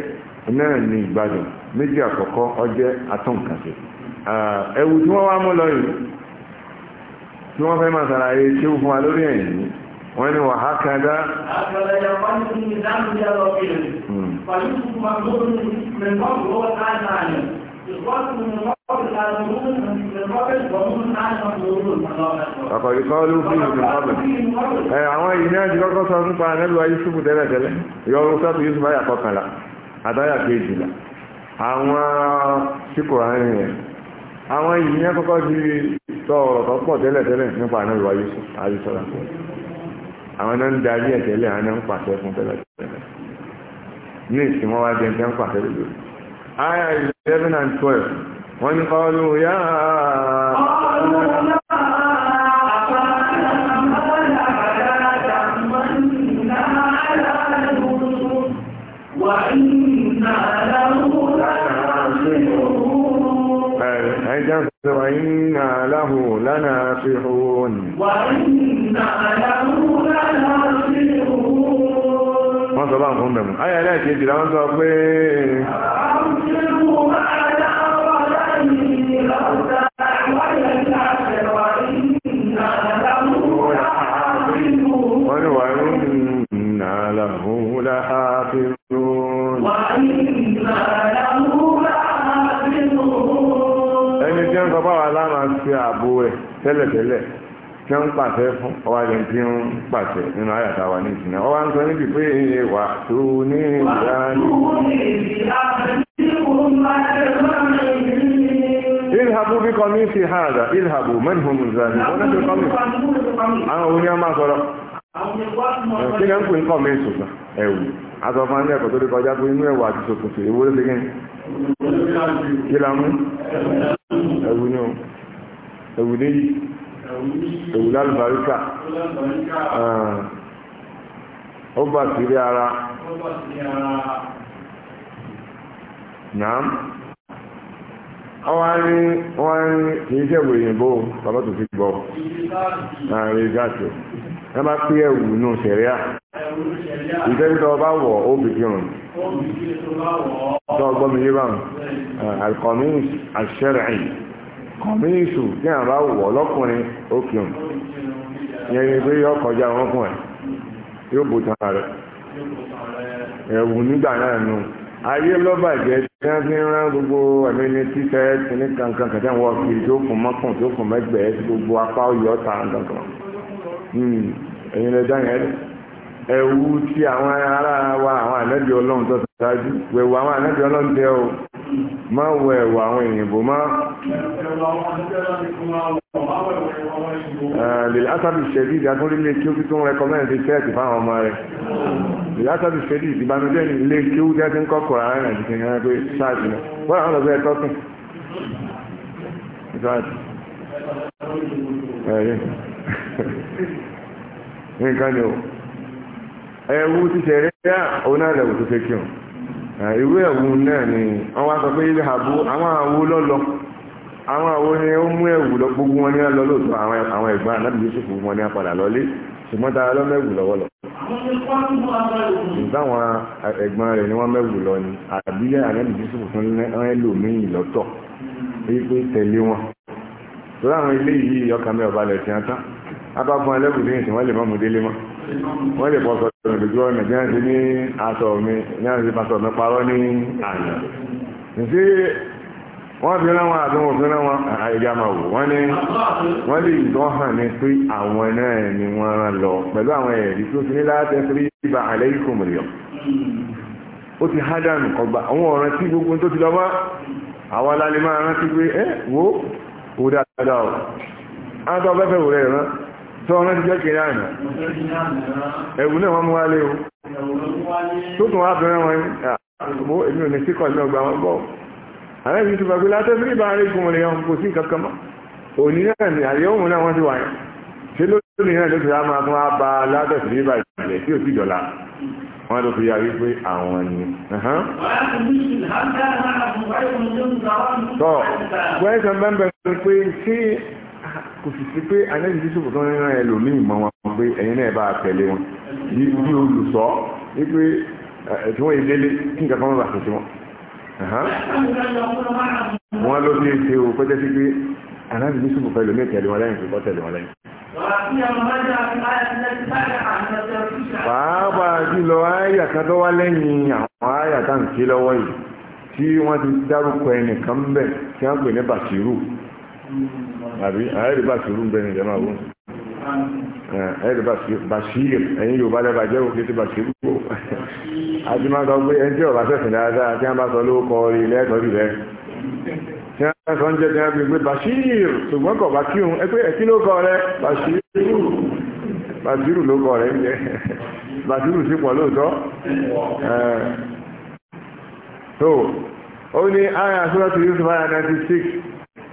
náà ní ìgbádùn méjì àkọ́kọ́ ọjẹ́ atọ́nkàṣe ẹ̀wù tí wọ́n wá mú lọ yìí tí wọ́n fẹ́ máa sàlàyé tí ó fún wa lórí ẹ̀yìn wọ́n ni wà hákàdá Àkọ̀rí kọ́lú fún ìrìn ọ̀bẹ̀. Ẹ àwọn ìní àti kọ́kọ́ sọ nípa nílùú Yusufu tẹ́lẹ̀ tẹ́lẹ̀, yọrù sọ́tù Yusufu ayà kọkànlá, àdáyà kejìlá. Àwọn síkò àárín rẹ̀, àwọn ìní àkọ́kọ́ ti sọ ọ̀rọ̀ tọ́pọ̀ tẹ́lẹ̀ tẹ́lẹ̀ nípa nílùú Yusufu, àyíṣọ́ra àwọn náà ń darí ẹ̀ tẹ́lẹ̀ àwọn náà ń pàṣẹ fún tẹ́lẹ̀ tẹ́lẹ̀ ní ìsìn wá jẹ ń pàṣẹ lójú aya eleven and twelve wọ́n ní kọ́ọ́lù yá Ẹ̀rẹ̀ ẹ̀jẹ̀ ń sọ wáyé له لناصحون وإنا له لناصحون wọ́n sọ bá ń fún mẹ́mù ayẹ́lẹ́ kejì láwọn sọ pé pé ààbò ẹ̀ tẹ́lẹ̀tẹ́lẹ̀ tí wọ́n ń pàṣẹ fún ọwá rẹ̀ tí ń pàṣẹ nínú àyàtà wa ní ìsìnà ọwá ń sọ níbi pé èyí wà tó ní ìyá ní. ilhabu bí kọ́ ní ti hàdà ilhabu mẹ́nìhùn mùsàlì wọ́n náà ti àwọn òun ni a máa sọ̀rọ̀. kí ni a ń pè ń kọ́ mi ni. kí ni ẹ̀wù léyìí ẹ̀wù lálùbáríkà ah. ó bà sílé ara nàám wọ́n ní wọ́n ní kìí ṣẹ̀wò òyìnbó bàbá tó fi gbọ́ ààrẹ ah, gáàsì wọ́n bá pé ẹ̀wù nù sẹ̀ríà ìtẹ́jú tó bá wọ̀ ó fi kírun tó gbọ́ mi yé báwọn ah, alkọ̀mí àṣẹ́rẹ̀ kọ̀míṣù tí àwọn bá wọ̀ lọ́kùnrin ó kì í yẹn ni pé yọ kọjá wọn fún ẹ yóò bò tán rẹ ẹ̀wù nígbà náà nù ayé lọ́bàjẹ́ tí wọ́n fi ń rán gbogbo ẹ̀mí ní títẹ́ ní kankan kàtà wọ́n fi tó kùn mọ́kùn tó kùn mẹ́gbẹ̀ẹ́ sí gbogbo apá ọ̀yọ́ ta kankan hmm. ẹ̀yin lẹ́dá yẹn ẹ̀wù tí àwọn ará wa àwọn ànábì ọlọ́run tó ṣáájú wẹ̀wù àwọn ànábì ọlọ́run tẹ́ o. má wọ ẹ̀wọ̀ àwọn òyìnbó má lè látàbí ṣẹ̀dí ìdágúnlélé kí ó fi tún rẹkọmẹ́ǹdì sẹ́ẹ̀tì fáwọn ọmọ rẹ̀ lè látàbí ṣẹ̀dí ìdìbànújẹ́ ní ilé kí ó jẹ́ tí ń kọ́kọ̀ọ́ àárín àti kìnìún pé ṣáàtì náà wọ́n àwọn ọ̀dọ́ ẹ̀tọ́ sùn ṣáàtì nǹkan ni ó ẹ̀wù ti ṣẹ̀rí ìwé ẹ̀wù náà ni wọ́n wá sọ pé ilé àbú àwọn àwo lọ́lọ àwọn àwo ni ó mú ẹ̀wù lọ gbogbo wọn ní lọ lóòótọ́ àwọn ẹ̀gbọ́n ànábì Yusuf wọn ní apàdà lọlé ṣùgbọ́n ta lọ mẹ́wù lọ́wọ́ lọ. ìbáwọn ẹ̀gbọ́n rẹ̀ ni wọ́n mẹ́wù lọ ni àbílẹ̀ ànábì Yusuf fún ẹlòmíì lọ́tọ̀ pé tẹ̀lé wọn lọ́wọ́ àwọn ilé yìí ọkàn mẹ́ọ̀balẹ̀ ti hàn tán abá fún ẹlẹ́bùdíyìn tí wọ́n lè má mú délé mọ́ wọ́n lè bọ́ sọ́dọ̀ lójú ọ̀nà tí wọ́n ti ní aṣọ mi ní wọ́n ti pàṣọ mi parọ́ ní àná nítí wọ́n fi rán wọn àti wọn fi wò wọ́n ní wọ́n lè ìtọ́ hàn ní pé àwọn náà ni wọ́n rán lọ pẹ̀lú àwọn ẹ̀rí tó fi ní láti rí ibà àlẹ́ yìí kò mìíràn ó ti há dànù ọgbà àwọn ọ̀ràn tí gbogbo tó ti lọ bá àwọn alálẹ́ máa rántí pé ẹ wo kò dáadáa o tó ọ̀nà ti jẹ́ kiri àná ẹ̀wù náà wọ́n mú wálé o tó tún wá bẹ̀rẹ̀ wọn àbò èmi ò ní síkọ̀ ní ọgbà wọn bọ̀ àwọn ìbí tó gbàgbé látẹ́sílẹ̀ bá rí gun rẹ̀ kò sí nǹkan kan mọ́ òní náà ni àyẹ̀wò náà wọ́n ti wà yẹn fi máa tún wá ba látẹ́sílẹ̀ wọ́n ló fi yàrí pé àwọn ni. tọ́ wẹ́ẹ̀sán bẹ́ẹ̀ bẹ́ẹ̀ pé sí kò sì sí pé anẹ́bí yusuf tó ń rán ẹlòmíì mọ́ wọn pé ẹ̀yin náà bá tẹ̀lé wọn bí olùsọ wípé tí wọ́n yé délé kí nǹkan kan wọ́n bá tẹ̀sí wọn. wọ́n ló ní ṣe o kọjá sí pé anẹ́bí yusuf fẹ́ lòmíì tẹ̀lé wọn lẹ́yìn tó tẹ̀lé wọn lẹ́yìn. pàápàá jùlọ àyà kan tó wá lẹ́yìn àwọn àyà tá à ń ké lọ́wọ́ yìí tí wọ́n ti dárúkọ ẹnìkan bẹ̀ tí wọ́n pè ní bàṣírù àbí àyẹ̀rì bá sùúrù ń bẹ nìjẹ́ máa wọ́n àyẹ̀rì bá sùúrù ẹ̀yìn Yorùbá lẹ́bàá jẹ́ òkè tí bá sùúrù kò àti máa sọ pé ẹni tí ọ̀rọ̀ sẹ̀sìn dáadáa tí wọ́n bá sọ lóko rí lẹ́ẹ̀tọ́ rí rẹ̀ tí wọ́n sọ ń jẹ́ tí wọ́n fi gbé Bashir ṣùgbọ́n kọ̀ bá kírun ẹ pé ẹ̀kí ló kọ rẹ Bashiru ló kọ rẹ ń jẹ <laughs> Bashiru sí pọ̀ lóòótọ́ tó o ní àyà sọ́dọ̀ tó Yusuf àyà 96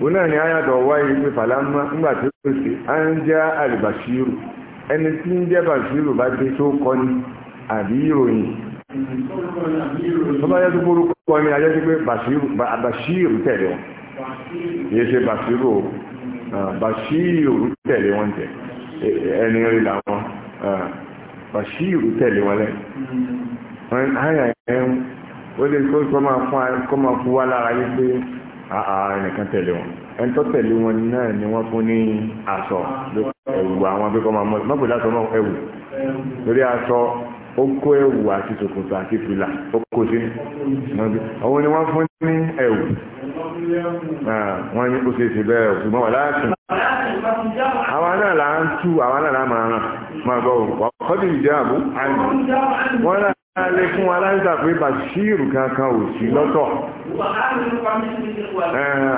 òun náà ni ayàtọ̀ wáyé pé fàlámà ńgbà tí ó pèsè à ń jẹ́ àlìbàṣírù ẹni tí ń jẹ́ bàṣírù bá dé tó kọ́ ni àbí ìròyìn tó bá yẹ tó borúkọ kọ́ ni ayé pé bàṣírù tẹ̀lé wọn yìí ṣe bàṣírù o bàṣírù tẹ̀lé wọn tẹ̀ ẹni rí làwọn bàṣírù tẹ̀lé wọn lẹ́ wọ́n ayà ẹ̀ ń ó lè kó máa fún wa lára yìí pé ẹnìkan tẹ̀lé wọn ẹni tó tẹ̀lé wọn náà ni wọ́n fún ní aṣọ ẹ̀wù àwọn akẹ́kọ̀ọ́ máa mọ́ mọ́pẹ́ láti ọmọ ẹ̀wù lórí aṣọ ó kó ẹ̀wù àti ṣòkòtò àti fìlà ó kó sí àwọn ni wọ́n fún ní ẹ̀wù wọ́n ní kó ṣe ṣe bẹ́ẹ̀ ò ṣùgbọ́n wà láàkùn àwọn náà là ń tú àwọn náà là máa ràn máa gbọ́ wọ́n kọ́ alẹ́ fún aláìsà pé bàṣírù kankan ò sí lọ́tọ̀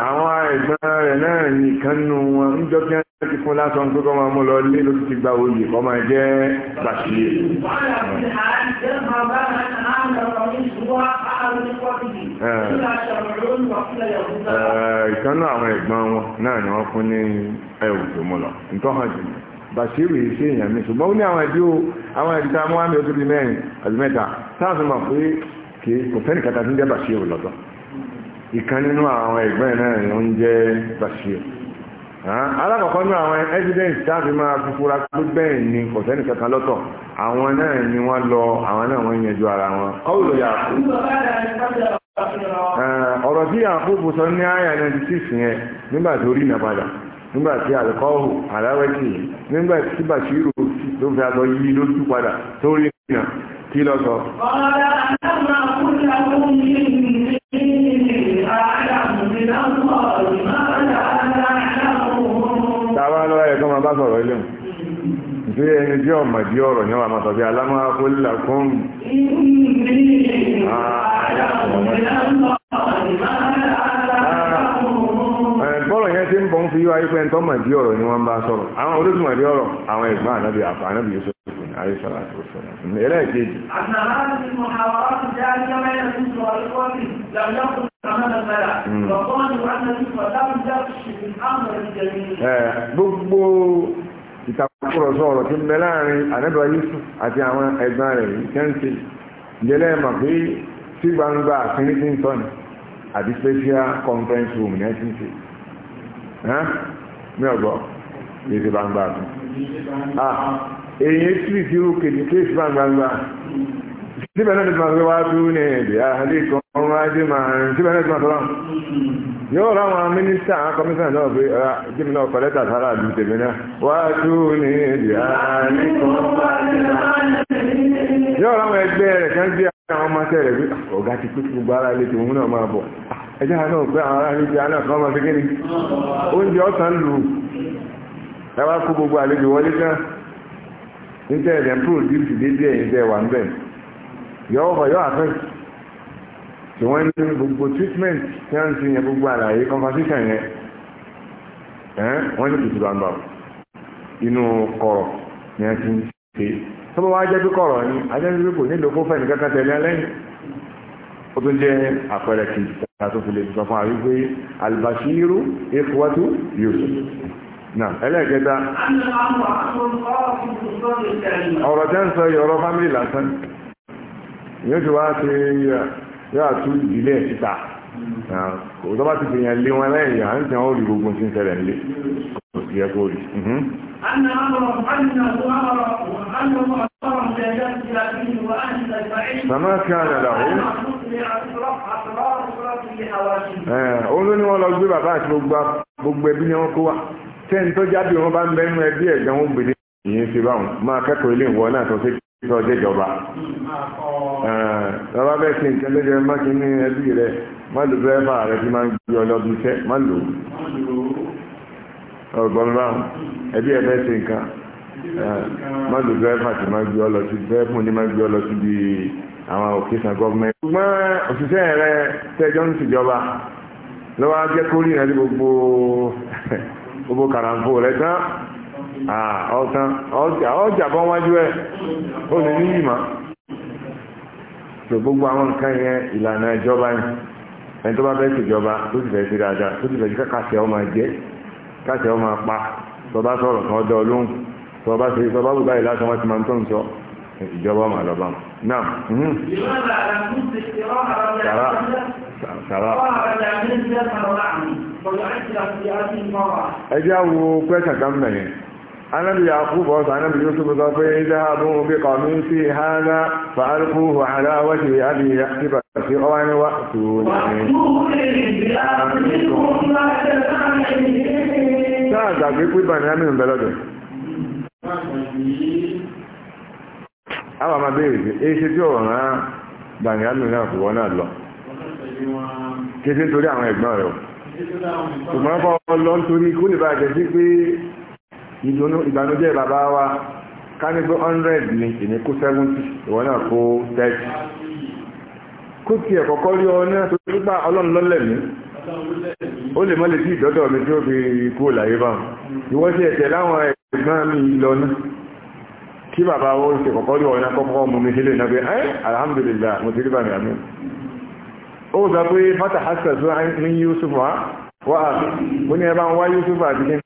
àwọn ẹ̀gbọ́n rẹ̀ náà nìkan nù wọn ń jọ kí wọ́n ti fún lásán pé kọ́ máa mú lọ lé ló ti gba oyè kọ́ máa jẹ́ bàṣírù ìkan náà àwọn ẹ̀gbọ́n wọn náà ni wọ́n fún ní ẹ̀wù tó mú lọ nítọ́hàn jùlọ bàṣírù yìí sí èèyàn mi ṣùgbọ́n ó ní àwọn ẹ̀dí àwọn ẹ̀dí tá a mú wá mi ó tóbi mẹ́rin àti mẹ́ta sáàsì mọ̀ pé kì í kò fẹ́ni kàtà tí ń jẹ́ bàṣírù lọ́tọ̀ ìkan nínú àwọn ẹ̀gbọ́n náà ló ń jẹ́ bàṣírù alákọ̀ọ́kọ́ nínú àwọn evidence táàfi máa fi fura bẹ́ẹ̀ ni kò fẹ́ni kankan lọ́tọ̀ àwọn náà ni wọ́n lọ àwọn náà wọ́n yẹn ju ara wọn ọ̀rọ̀ tí yàkú bùsọ ní àyà 96 yẹn nígbà tó rí ìnà nígbà àlùkọ́hù aláwẹ́kì nígbà tí ló fi aṣọ yí lójú padà tó rí nà kí lọ sọ. tàbá lọ́wọ́ ẹ̀kọ́ máa bá sọ̀rọ̀ ilé tí ẹni tí ọmọ ìdí ọ̀rọ̀ ní wà máa sọ bí alámọ́ akólélà kún. Ìmú mi ní ìlú àyàwó ìlànà ẹ̀kọ́ ń fi yíwá yí pé ń tọ́mọ̀ bí ọ̀rọ̀ ni wọ́n bá sọ̀rọ̀ àwọn olóṣùmọ̀ bí ọ̀rọ̀ àwọn ẹ̀gbọ́n ànábì àfà ànábì yóò sọ̀rọ̀ fún àríṣàlá tó sọ̀rọ̀ ẹlẹ́ẹ̀kejì. Hmm. gbogbo ìtàkùrọ̀sọ ọ̀rọ̀ tí ń bẹ láàrin ànábì Yusuf àti àwọn ẹ̀gbọ́n rẹ̀ yìí kẹ́ńtì ìjẹ́lẹ́ mọ̀ pé tí gbangba àfínrín ti ń tọ́ni àti special conference room ní ẹ́ ti ń ṣe mi ọ̀gbọ́ lè ṣe gbangba. Ah, èyí tí ìṣirò kèdè kéèsì gbangba. síbẹ̀ náà nígbà tó wá dúró ní èdè àdékùn ọrùn ajé máa rìn síbẹ̀ náà nígbà tó rán yóò ráwọn mínísítà àwọn kọmíṣánná náà pé ara jẹ́mi náà kọ lẹ́tà sára àdúgbò tèmi náà wá dúró ní èdè àdékùn yóò ráwọn ẹgbẹ́ rẹ̀ kan gbé àwọn ọmọ tẹ̀lẹ̀ ọ̀gá ti gbogbo ara ilé náà máa bọ̀ ẹjẹ́ pé àwọn ará yọ́ ọ̀bà yọ́ àfẹ́t tí wọ́n ní gbogbo treatment tí wọ́n ti yẹn gbogbo àlàyé conversation yẹn wọ́n ní kùtù bàbà inú kọ̀rọ̀ ni a ti ń ṣe tó bá wá jẹ́ bí kọ̀rọ̀ ni ajẹ́bí pípò nílò kó fẹ́ni kankan tẹ̀lé alẹ́yìn ó tún jẹ́ àpẹẹrẹ kejì tá tó fi lè sọ fún àríwé albashiru ikhwatu yusuf náà ẹlẹ́ẹ̀kẹta ọ̀rọ̀ tẹ́ ń sọ yọ̀rọ̀ fámìlì lásán yóò ti wá ṣe yóò àtú ìdílé ẹ̀ síta kò tó bá ti fi yẹn lé wọn lẹ́yìn à ń tẹ̀ wọ́n rí gbogbo tí ń ṣẹlẹ̀ nílé kò sí ẹ kó rí. Sàmá kí á nàdà ó. Olú ni wọ́n lọ gbé bàbá àti gbogbo ẹbí ni wọ́n kó wá. Tẹ́ni tó jáde wọn bá ń bẹ́nu ẹbí ẹ̀gbẹ́ wọn gbèdé. Ìyẹn ṣe báwọn máa kẹ́kọ̀ọ́ ilé ìwọ náà tó ṣe ìtọ́ jẹ́jọba ọba bẹ́ẹ̀ sí nǹkan lójú ẹ máa ti ní ẹbí rẹ má lò dírẹ́fà rẹ ti máa ń gbé ọlọ́bí iṣẹ́ má lò ọgbọ́n bá ẹbí ẹ bẹ́ẹ̀ sí nǹkan eh, má lò dírẹ́fà ti máa gbé ọlọ́sí dírẹ́fù ni máa gbé ọlọ́sí bí àwọn òkèsàn gọ́ọ̀mẹ̀ntì. ṣùgbọ́n òṣìṣẹ́ rẹ tẹ́jọ́ ń ṣèjọba lọ́wọ́ á jẹ́ kórìíra sí gbogbo <laughs> gbogbo kàràǹfò rẹ tán. Ah, ọ̀tán ọjà bọ́ wájú ẹ̀ ó lè ní ìmọ̀ tó gbogbo àwọn nǹkan yẹn ìlànà ìjọba yìí ẹni tó bá fẹ́ ṣèjọba tó sì fẹ́ ṣe dáadáa tó sì fẹ́ ṣe káṣẹ ọmọ jẹ káṣẹ ọmọ pa tó bá sọ̀rọ̀ kan ọdọ lóhùn tó bá ṣe tó bá wù báyìí láti wọn ti máa ń tó ń sọ ìjọba ọmọ àlọ́bà náà. Mhm. sàrà sàrà. ẹ jẹ́ àwo pẹ́sà gámìnà yẹn anábì yakubu ọ̀sán anábì yusuf sọ pé ìdáhàbùn òbí kọ̀mí sí hádá fàálùkúhù aláwọ̀ṣe àbí yàtíbà sí ọwá ní wà tó ní sáà gbàgbé pípa ní àmì ìbẹ̀lọ́dọ̀ àwọn àmàbẹ̀rẹ̀ sí èṣe tí ọ̀rọ̀ rán bàmíàmì náà kò wọ́n náà lọ kéde nítorí àwọn ẹ̀gbọ́n rẹ̀ ṣùgbọ́n fọ́ lọ nítorí kó lè ìdùnnú ìbànújẹ́ bàbá wa ká ní pé 100 ni èmi kó 70 ìwọ náà kó 30 kó tiẹ̀ kọ́kọ́ rí ọ náà tó nípa ọlọ́run lọ́lẹ̀ mi ó lè mọ́ lè sí ìdọ́dọ̀ mi tí ó fi kú òlàyé bá ìwọ́n sí ẹ̀tẹ̀ láwọn ẹ̀gbọ́n mi lọ náà kí bàbá ó ṣe kọ́kọ́ rí alhamdulillah mo ti rí bàmí àmì ó sọ pé fata hasa sọ ní Yusuf wa wà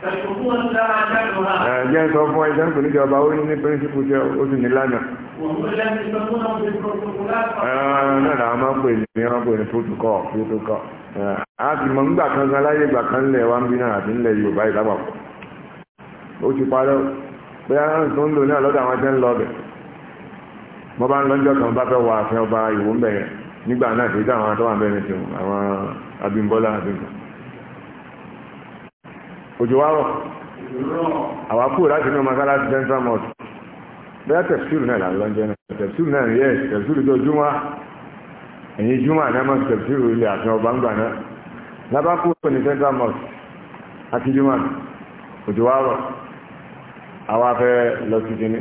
e, sọ fún ẹ̀jẹ́ ń pè níjọba ó ní píríncípù tí ó sì ní lánàá. Náà làwọn máa pè ní wọ́n pè ní A ti mọ̀ kan kan láyé ìgbà kan lẹ̀ wá ń bí náà àti Yorùbá Ó ti parẹ́ pé ń lò náà lọ́dọ̀ àwọn ń lọ bẹ̀. bá ń lọ́jọ́ kan bá fẹ́ wọ àfẹ́ ọba òjò wá rọ̀ àwa kúrò láti inú masalasi central mosque bẹ́ẹ̀ tẹ̀síìlù náà là ń lọ́njẹ́ náà tẹ̀síìlù náà yẹ tẹ̀síìlù tó júmọ́ ẹ̀yìn júmọ́ àná mọ́ tẹ̀síìlù ilé àfihàn ọba ń gbà náà lábá kúrò ní central mosque àti júmọ́ òjò wá rọ̀ àwa fẹ́ lọ sí kíní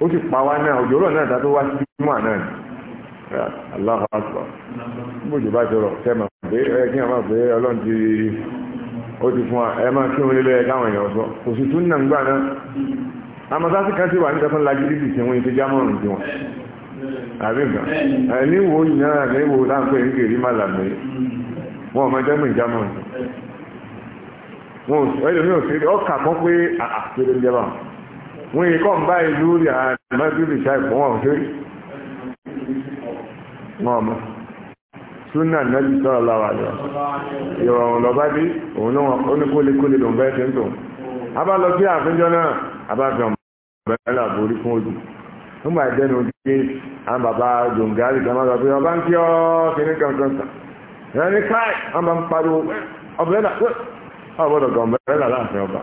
ó sì pa wá náà òjò rọ̀ náà tá tó wá sí júmọ́ àná ni Allahu Akbar bójú bá ti rọ̀ kẹ́ máa gbé ọlọ́run ti ó ti fún wa ẹ máa kí wọn lé lóye káwọn èèyàn sọ kò sì tún náà ń gbà náà amasasi kan ti wà nígbà tó ń lajú bíbí tí wọn yìí ti já mọ́rùn tí wọn àbí nǹkan ẹni wo yìí náà ní wo láǹpẹ́ ní kèrè má làmì wọn ò máa jẹ́ mìíràn já mọ́rùn wọn ò ẹlòmíì ò sí ọkà kan pé àkèrè ń jẹba wọn yìí kọ́ ń bá ìlú rí àmọ́ bíbí ṣáà ìfọwọ́n ò sí wọn ò mọ́ súnà nàbí sọ́rọ̀ láwà lọ ìrọ̀ ọ̀rùn lọ bá dé òun náà ó ní kólekóle lòun bẹ́ẹ̀ ti ń tò a bá lọ sí àfíjọ́ náà a bá fi ọ̀bẹ̀rẹ̀ àbórí fún ojú nígbà ìdẹ́nu dé àwọn bàbá jòǹgárì kan máa lọ pé ọba ń kí ọ́ kìíní kankan sàn ìrẹ́ ní káì wọ́n máa ń pariwo ọ̀bẹ̀rẹ̀ ọ̀bọ̀dọ̀ gan ọ̀bẹ̀rẹ̀ láàfin ọba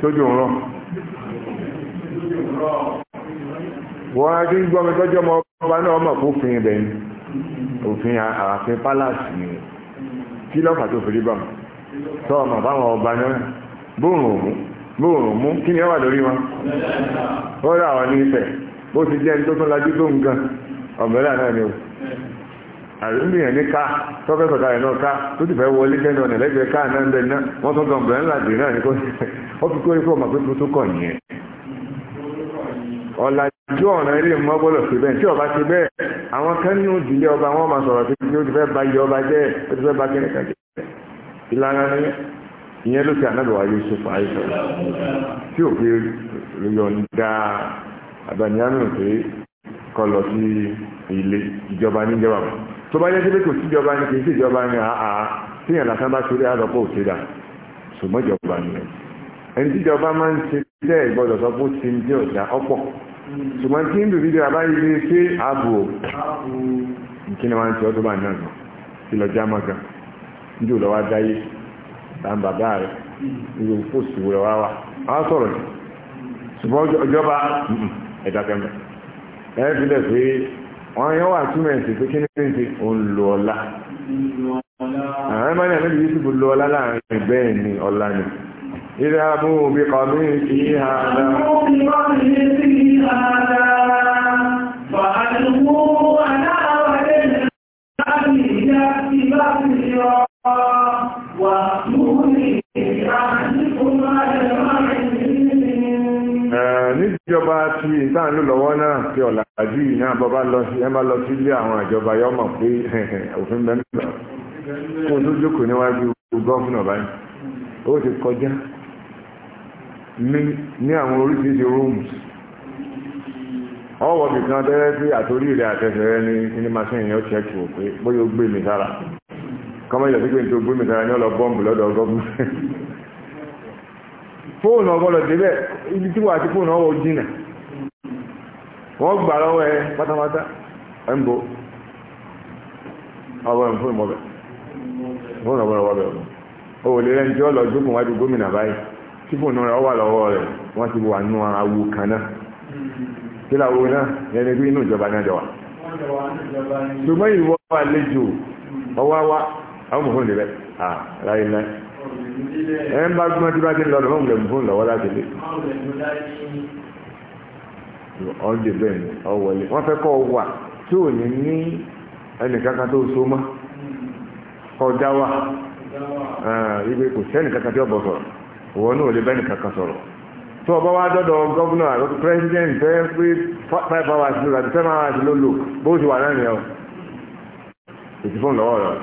tójú òun rọ̀ wọ́n á ti ń ọba náà ọmọ kó fin ibẹ̀ ni òfin àràfin palace ni kí tó fi rí tọ́ ọba náà bóòrùn bóòrùn mú kí ni ẹ wà lórí wọn ó rà wọn bó ti jẹ́ tó tún lajú tó ni o ní ká rẹ̀ náà ká tó ti fẹ́ wọlé ọ̀nà lẹ́gbẹ̀ẹ́ ká náà ń bẹ̀ náà wọ́n tún gan ọ̀làjú ọ̀nà ilé mọ́ gbọ́dọ̀ sí bẹ́ẹ̀ tí ọba ti bẹ́ẹ̀ àwọn kan nínú ìdílé ọba wọn máa sọ̀rọ̀ pé kí ó ti fẹ́ ba iye ọba jẹ́ ó ti fẹ́ ba kíni kan jẹ́ ìlànà ni ìyẹn ló ti ànábẹ̀wá yóò ṣe fàáyé sọ̀rọ̀ tí ò fi yọ̀ǹda àbànìyàmù pé kọ lọ sí ilé ìjọba níjọba mọ́ tó bá yẹ síbi kò síjọba ni kì í síjọba ni àá tíyàn lásán bá torí àlọ́pọ̀ òṣèlú ṣùgbọ́n ìjọba ni ẹni tíjọba máa ń ṣe tẹ́ ìgbọ́dọ̀ sọ fún ti ń dé ọ̀dà ọ̀pọ̀ ṣùgbọ́n tí ń dùn dídí àbá ilé ṣe ààbò kí ni wọ́n ti ọdún bá náà gan kí lọ já mọ́gàn níjò lọ́wọ́ adáyé bá ń bàbá rẹ̀ ìwé fòsì wúrẹ̀ wá wá wá sọ̀rọ̀ ní ṣùgbọ́n ìjọba ẹ̀dá tẹ́mẹ̀ ẹ̀ fi lẹ̀ pé wọ́n yẹn wà túmọ̀ ẹ̀sìn pé kí ni ní ti òun lò ọ̀la àwọn ẹ̀mọ́ ní àlejò yìí ti bù lò ọ̀la láàrin bẹ́ẹ̀ ni ọ̀la ni. إذا اذهبوا بقميصي هذا فألقوا أنا وجدنا أبي يأتي eh, بصيرا وأتوني بأهلكم níjọba tí ìta ń lò lọ́wọ́ náà tí ọ̀làjú yìí náà bọ́bá lọ sí ẹmà lọ sí ilé àwọn ìjọba yọ mọ̀ pé òfin bẹ́ẹ̀ kó tó jókòó níwájú gọ́ọ̀fúnà báyìí ó ti kọjá ní àwọn oríṣiríṣi rooms ọwọ́ bí kan tẹ́lẹ̀ sí àtòrí rẹ̀ àtẹ̀sẹ̀ rẹ̀ ní kíní ó check pé bóyá ó gbé mi sára kọ́mọ ìjọ pípé tó gbé mi sára ní ọlọ bọ́ǹbù lọ́dọ̀ gọ́ọ̀mù fóònù ọgọ́lọ̀ ti ń gómìnà báyìí tí fóònù rẹ̀ wà lọ́wọ́ rẹ̀ wọ́n ti wà nú awo kan náà kí láwo náà ẹni pé inú ìjọba náà jọwà ṣùgbọ́n ìwọ àlejò ọwọ́ wa àwọn mọ̀fóònù rẹ̀ láyé náà ẹ̀ ń bá gbọ́n tí bá ti lọ lọ́wọ́ mọ̀lẹ̀ mọ̀fóònù lọ́wọ́ láti lé ọ̀dẹ̀ bẹ́ẹ̀ ni ọ̀wọ̀lẹ̀ wọ́n fẹ́ kọ́ wà tí ò ní ní ẹnìkankan tó so mọ́ kọjá wà ibi kò sẹ́nìkankan tí ọ̀bọ̀ sọ̀rọ̀ òun náà lè bẹ́ẹ̀ kankan sọ̀rọ̀ tó ọba wa dọ́dọ̀ gọ́vnà àti pírẹ́sidẹ́ntì tẹ́ pé five hours ló àti seven hours ló lò bó ti wà náà nìyẹn o ètò fóònù lọ́wọ́ rẹ̀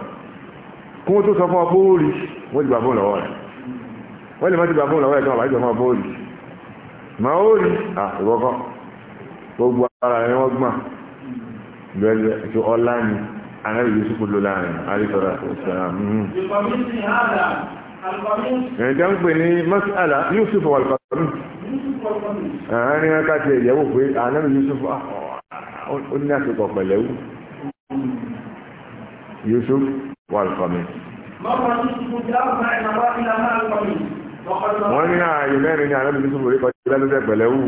kí wọ́n tó sọ fún ọ bóòrì wọ́n ti gbà fóònù lọ́wọ́ rẹ̀ wọ́n lè má ti gbà fóònù lọ́wọ́ rẹ̀ kí wọ́n bá ti sọ fún ọ bóòrì màá ó rí àìwọ́kọ́ gbogbo ara rẹ̀ wọ́n gbọ́n bẹ́ẹ̀ tó ọlá ni anábìyí sùkúlù láàrin àríkọ̀rọ̀ àti ìsọ̀rọ̀ ẹ̀jẹ̀ ń pè ní masala yusuf alfàmì àárín ẹ̀ka ti ẹ̀yẹ̀wò pé ànábì yusuf ah, ó ní àsìkò pẹ̀lẹ́wù yusuf alfàmì. wọ́n ní ààyè mẹ́rin ní ànábì yusuf orí kọjá lọ́sẹ̀ pẹ̀lẹ́wù.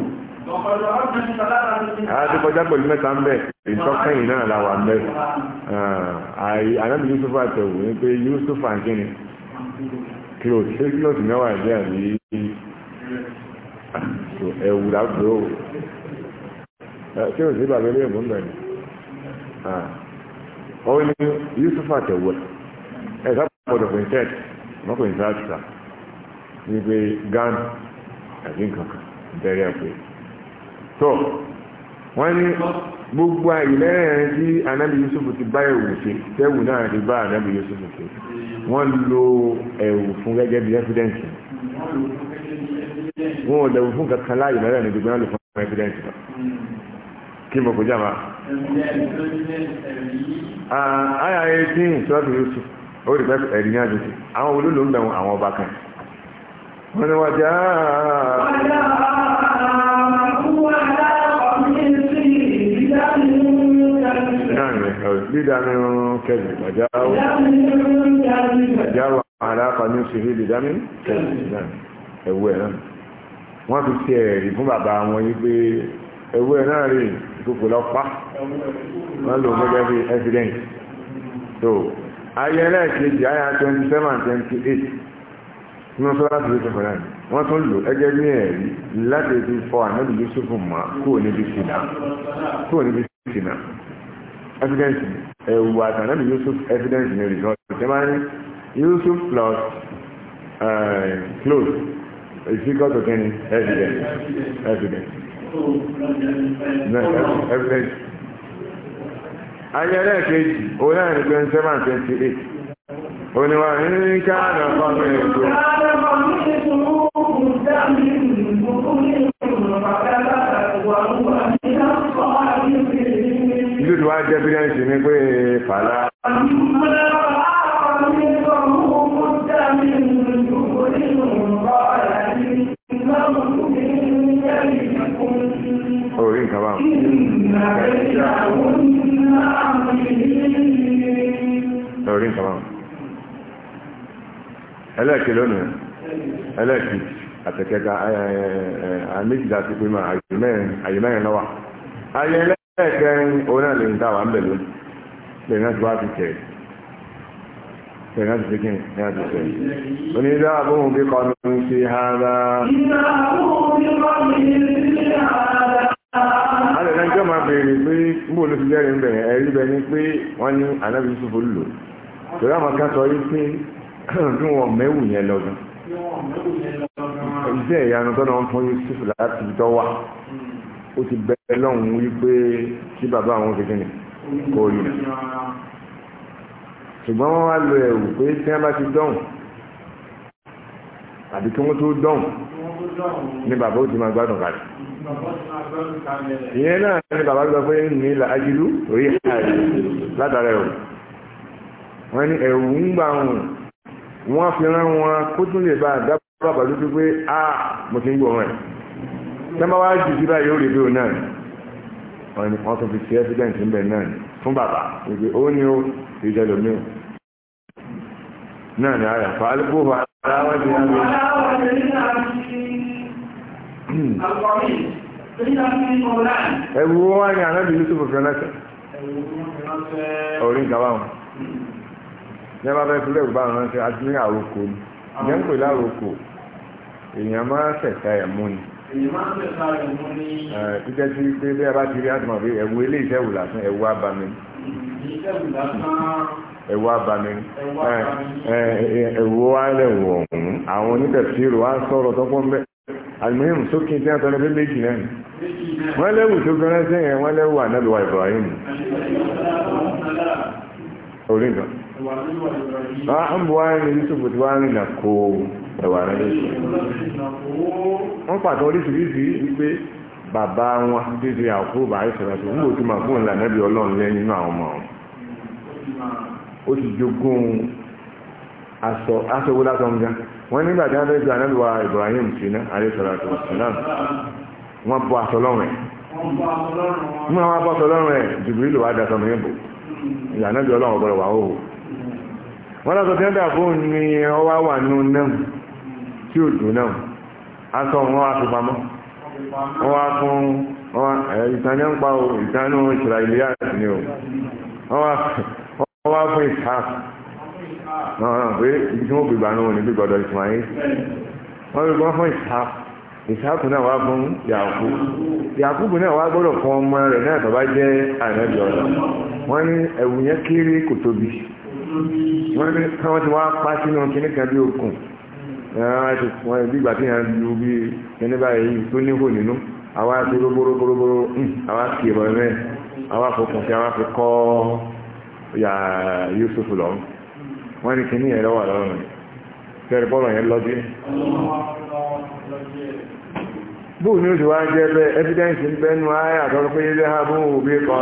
àti kọjá pẹ̀lú mẹ́ta ń bẹ̀ ìtọ́kẹ́yìn náà làwà ń bẹ̀ ah, ànábì yusuf àtẹ̀wò ní pé yusuf àǹkíni clothes ṣé clothes mẹ́wàá jẹ́ àbí ẹ̀wù lágbó ṣé òsì bàbá ilé ìbùn bẹ̀rẹ̀ ọ ní Yusuf àtẹ̀wọ̀ ẹ̀ sábàbọ̀dọ̀ quintet wọ́n kò ní sáà gan àbí nǹkan kan bẹ̀rẹ̀ pé tó wọ́n ní gbogbo àyè lẹ́rẹ̀ẹ́rẹ́ tí anábì yusuf ti bá ẹ̀wù ṣe tẹ́wù náà ti bá anábì yusuf ṣe wọ́n lo ẹ̀wù fún gẹ́gẹ́ bí ẹ́fídẹ́ǹsì wọn ò lẹ̀wù fún kankan láàyè lẹ́rẹ̀ẹ́ ní gbogbo náà lè fún ẹ́fídẹ́ǹsì lọ kí mo kò já ma. àyà eighteen sọ́ọ̀tù yusuf ó rí pẹ́ẹ́pẹ́ ẹ̀rí ní àjòjì àwọn olólùmọ̀ àwọn ọba kan wọ́n ni wọ́n já. wọ́n já. بدم كذب وجاءوا وجاءوا على قميصه بدم كذب ẹ̀wọ́ ẹ̀ náà wọ́n fi ṣe ẹ̀rí fún bàbá wọn yí pé ẹ̀wọ́ ẹ̀ náà rí ìkókò lọ́pàá wọ́n lò gẹ́gẹ́ bí evidence so ayé ẹlẹ́ẹ̀kejì ayé twenty seven twenty eight tí wọ́n sọ́ra sí ìṣẹ̀fọ̀ náà wọ́n tún lò ẹgẹ́ bí ẹ̀rí láti fi fọ ànábì Yusuf mọ́ kúrò níbi sínà kúrò níbi sínà evidence ẹ̀wù àtànábì Yusuf evidence ní result ṣe máa Yusuf plus eh, clothes is equal to ten evidence evidence evidence. ayẹlẹ kejì òun náà ní twenty seven twenty eight oníwà ní káàdà fọmọ ètò. jẹ́ bílíọ̀nsì ní pé fàlá. orí nǹkan bá orí nǹkan bá ẹlẹ́ẹ̀kì lónìí ẹlẹ́ẹ̀kì àtẹ̀kẹta àmì ẹ̀kẹrin òun náà lè ń dáwà ń bẹ̀ lónìí lẹ́yìn náà ti wá ti tẹ̀ lẹ́yìn náà ti fi kí ni lẹ́yìn náà ti tẹ̀ òní dá àbóhùn bí kọ́ni ń fi ha bá. alẹ́ náà jọ́ máa béèrè pé níbo ló ti jẹ́rìí ń bẹ̀ ẹ̀rí bẹ ni pé wọ́n ní anábì sùfò lò lórí àwọn kan sọ yìí pé bí wọ́n mẹ́wù yẹn lọ́gán. iṣẹ́ ìyanu tọ́nà ń fún Yusuf láti dọ́wà ó ti bẹ̀rẹ̀ lọ́hùn wípé kí bàbá àwọn fi kíni kó rí nà ṣùgbọ́n wọ́n wá lo ẹ̀wù pé tí wọ́n bá ti dọ̀hùn àbí kí wọ́n tó dọ̀hùn ní bàbá ó ti máa gbádùn kalẹ̀ ìyẹn náà ní bàbá gbọ́ pé ní ilà ajílú orí ààrẹ látara ẹ̀wù wọ́n ní ẹ̀wù ń gbà wọn wọ́n fi rán wọn kó tún lè bá àdá bàbá lójú pé a ah, mo ti ń gbọ́ wọn ẹ̀ tẹ́mọ́ wá jù sí báyìí ó rí bí o náà wọ́n tó fi sí ẹ́fídẹ́ǹsì ń bẹ̀ náà fún bàbá ìgbé ó ní ó ìjẹlòmíì náà ni àyà fà alúgbòhò aláwọ̀dé àgbẹ̀ ẹ̀wù wọ́n wá ní ànábì Yusuf fẹ́lẹ́sẹ̀ orí ìgbàwà wọn hmm. ní ẹbá bẹ́ẹ̀ fúlẹ̀ ìgbà wọn rántí àti ní àròkò ẹ̀ ń pè láàròkò èèyàn máa ń sẹ̀ka ẹ̀ mú ni títẹ́ sí pé bí a bá ti rí àtúmọ̀ pé ẹ̀wù ilé ìṣẹ́wù lásán ẹ̀wù abami ẹ̀wù abami ẹ̀wù alẹ́wù ọ̀hún àwọn onítẹ̀síro wá sọ̀rọ̀ tọ́pọ̀ mbẹ́ almuhim sókè tí a tọ́lé pé méjì náà wọ́n lẹ́wù tó gbẹ́rẹ́ sí ẹ̀ wọ́n lẹ́wù ànábì wa Ibrahim orí nǹkan. àwọn àmúwárin Yusuf tí wọ́n rìn nà kó ẹ̀wà rẹ̀ lóṣù wọ́n pàtó oríṣiríṣi wípé bàbá wọn dídí àkóbà àìsànàṣù ń bò tí máa fún ìlànà ẹbí ọlọ́run lẹ́yìn nínú àwọn ọmọ wọn ó ti jogún aṣọ aṣọ wọlé aṣọ nǹkan wọn nígbà tí wọn fẹ́ẹ́ ju anábìwá Ibrahim sínú àìsànàṣù sínú wọn bọ aṣọ lọ́rùn ẹ̀ mú àwọn abọ́sọ lọ́rùn ẹ̀ jùbìlì wà dàtọ̀ mìíràn bò ìlànà ẹbí ọlọ́run ọ̀gbọ̀rọ̀ wà ó wọ́n lọ́sọ̀ tí wọ́n dà fún ni ọwá wà nù náà tí ò dùn náà aṣọ wọn wá fi pamọ́ wọ́n wá fún ìtàní ń pa ìtàní ìṣẹ̀lá ilé àti ni o wọ́n wá fún ìta pé ibi tí wọ́n gbé gbà náà ní bí gbọ́dọ̀ Ismail wọ́n gbé gbọ́n fún ìta ìsáàkù náà wá fún yàkú yàkúbù náà wá gbọ́dọ̀ fún ọmọ rẹ̀ náà tọ́bá jẹ́ ànábì ọ̀dọ̀ wọ́n ní ẹ̀wù yẹn kéré kò tóbi wọ́n ní káwọn ti wá pa sínú kíníkan bí okùn ẹran ti fún ẹ bí ìgbà tí yẹn lu bí ẹni báyìí tó níhò nínú àwa ti róbóróbóró àwa kì í bọ̀ mẹ́rin àwa fòkùn sí àwa fi kọ́ ya Yusuf lọ́rùn wọ́n ní kíní yẹn lọ́wọ́ lọ́rùn tẹ́rẹ̀ bọ́ọ̀lù yẹn lọ́dí bóò ní oṣù wá jẹ́ bẹ́ evidence ń bẹ́nu ayé àtọ́rọ pé ilé ha bóò bí kọ́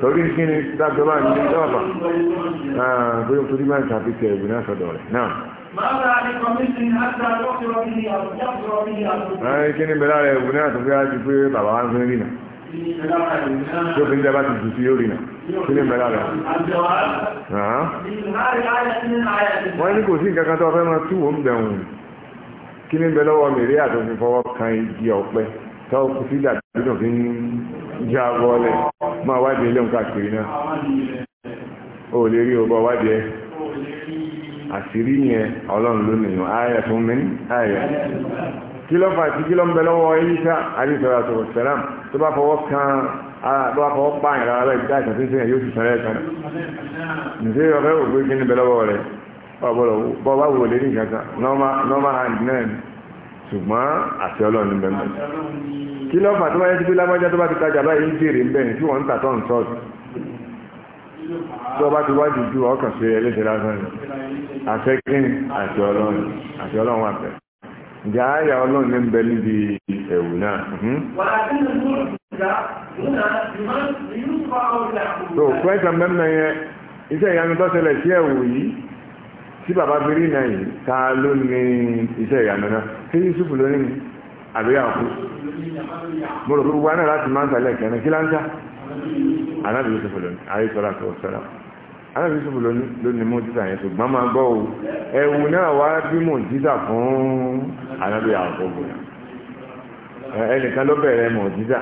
torí kí ni dájọ́ bá ní ìjọba bóyá ah, torí máa ń tàbí tẹ ẹ̀bùn náà sọ̀dọ̀ rẹ̀ náà. Ẹ kí ni bẹ̀rẹ̀ rẹ̀ ẹ̀bùn náà tó fi á ti pé bàbá wa ń fún rìnà. Tó fi ń jẹ́ bá ti jù sí yóò rìnà. Kí ni bẹ̀rẹ̀ rẹ̀? Wọ́n ní kò sí nǹkan kan tó fẹ́ máa tú ń bẹ̀rù. Kí ni bẹ̀rẹ̀ lọ́wọ́ mèrè àtòfin fọwọ́ kan igi ọ̀pẹ tó kù sí ìdàgbàsókè já bọ́ọ̀lẹ̀ máa wádìí ilé nǹkan àkìrí náà ó lè rí ọgbọ́ wádìí ẹ àṣírí ni ẹ ọlọ́run ló nìyàn ayẹ fún mi ayẹ kí ló fà sí kí ló ń bẹ lọ́wọ́ Ìsá àdìsọ́ra tó sẹ́lám tó bá fọwọ́ kan tó bá fọwọ́ pààyàn rárá rẹ̀ dá ìtàn tó ń sẹ́yìn yóò sì sẹ́rẹ̀ kan o ọ̀fẹ́ òpin kí ni bẹ lọ́wọ́ rẹ̀ ọ̀bọ̀lọ̀ bọ́ bá wò lé ní ìkàkà normal hand náà ṣùgbọ́n àti ọlọ́run bẹ́ẹ̀ kí lọ́fà tó wáyé sípé lágbájá tó bá ti tajà báyìí ń jèrè ń bẹ̀rẹ̀ tí wọ́n ń tà tọ́ ń sọ́ọ̀tù tó bá ti wájú ju ọkàn sí ẹlẹ́sẹ̀ lásán ni àfẹ́kín àti ọlọ́run àti ọlọ́run wà pẹ̀ ǹjẹ́ àyà ọlọ́run ní ń bẹ níbi ẹ̀wù náà. tó pẹ́sàn mẹ́mẹ́ yẹn iṣẹ́ ìyanu tó ṣẹlẹ̀ sí ẹ̀wù yìí tí bàbá bírí náà yìí ta ló ní iṣẹ́ ìyanu náà sí Yusuf lónìí àbíyá òkú mo rò gbogbo aná láti máa ń tàlẹ̀ kẹrin kí láńtà anábì yusuf lónìí àríṣọ́lá tó sọ́lá anábì yusuf lónìí mú títà yẹn tó gbọ́n máa gbọ́ o ẹ̀wù náà wá bí mò ń títà fún anábì àkókò ẹnìkan ló bẹ̀rẹ̀ mò ń títà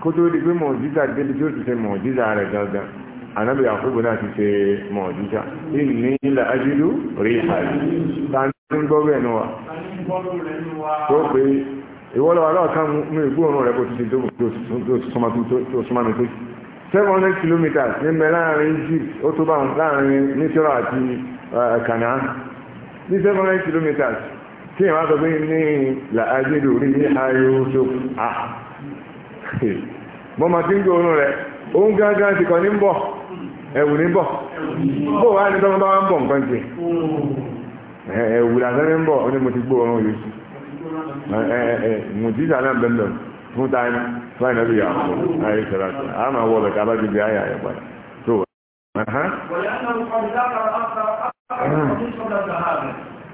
kó tó di pé mò ń títà débi tó ti ṣe mò ń títà rẹ̀ gangan anábì àkókò náà ti ṣe mọ̀ọ́dúnṣà ìní ilẹ̀ ajílú rí àrí tàbí ń gbọ́rọ̀ ẹnu wa tó pé ìwọ́lọ́wọ́ aláwọ̀ká mú ìgbóòrùn rẹ̀ bó ti ṣe tó súnmọ́ mi tó seven hundred kilometers ní mẹ́ láàrin Egypt ó tó bá láàrin nítorá àti kànáà eh, ní seven hundred kilometers tí ìwọ́n sọ pé ní ah. <laughs> ilẹ̀ rẹ̀ ó ń gángan ní ń bọ̀ ẹ̀wù mbọ bọ̀ bó wá ní tọ́mọ bá wá ń bọ̀ nǹkan jẹ ẹ̀wù làtẹ́rẹ́ ń bọ̀ ó ní mo ti gbó ọrùn yìí mo ti sàlẹ̀ bẹ́ẹ̀ fún táyé fún àìnábì yà fún anyị sọ̀rọ̀ àti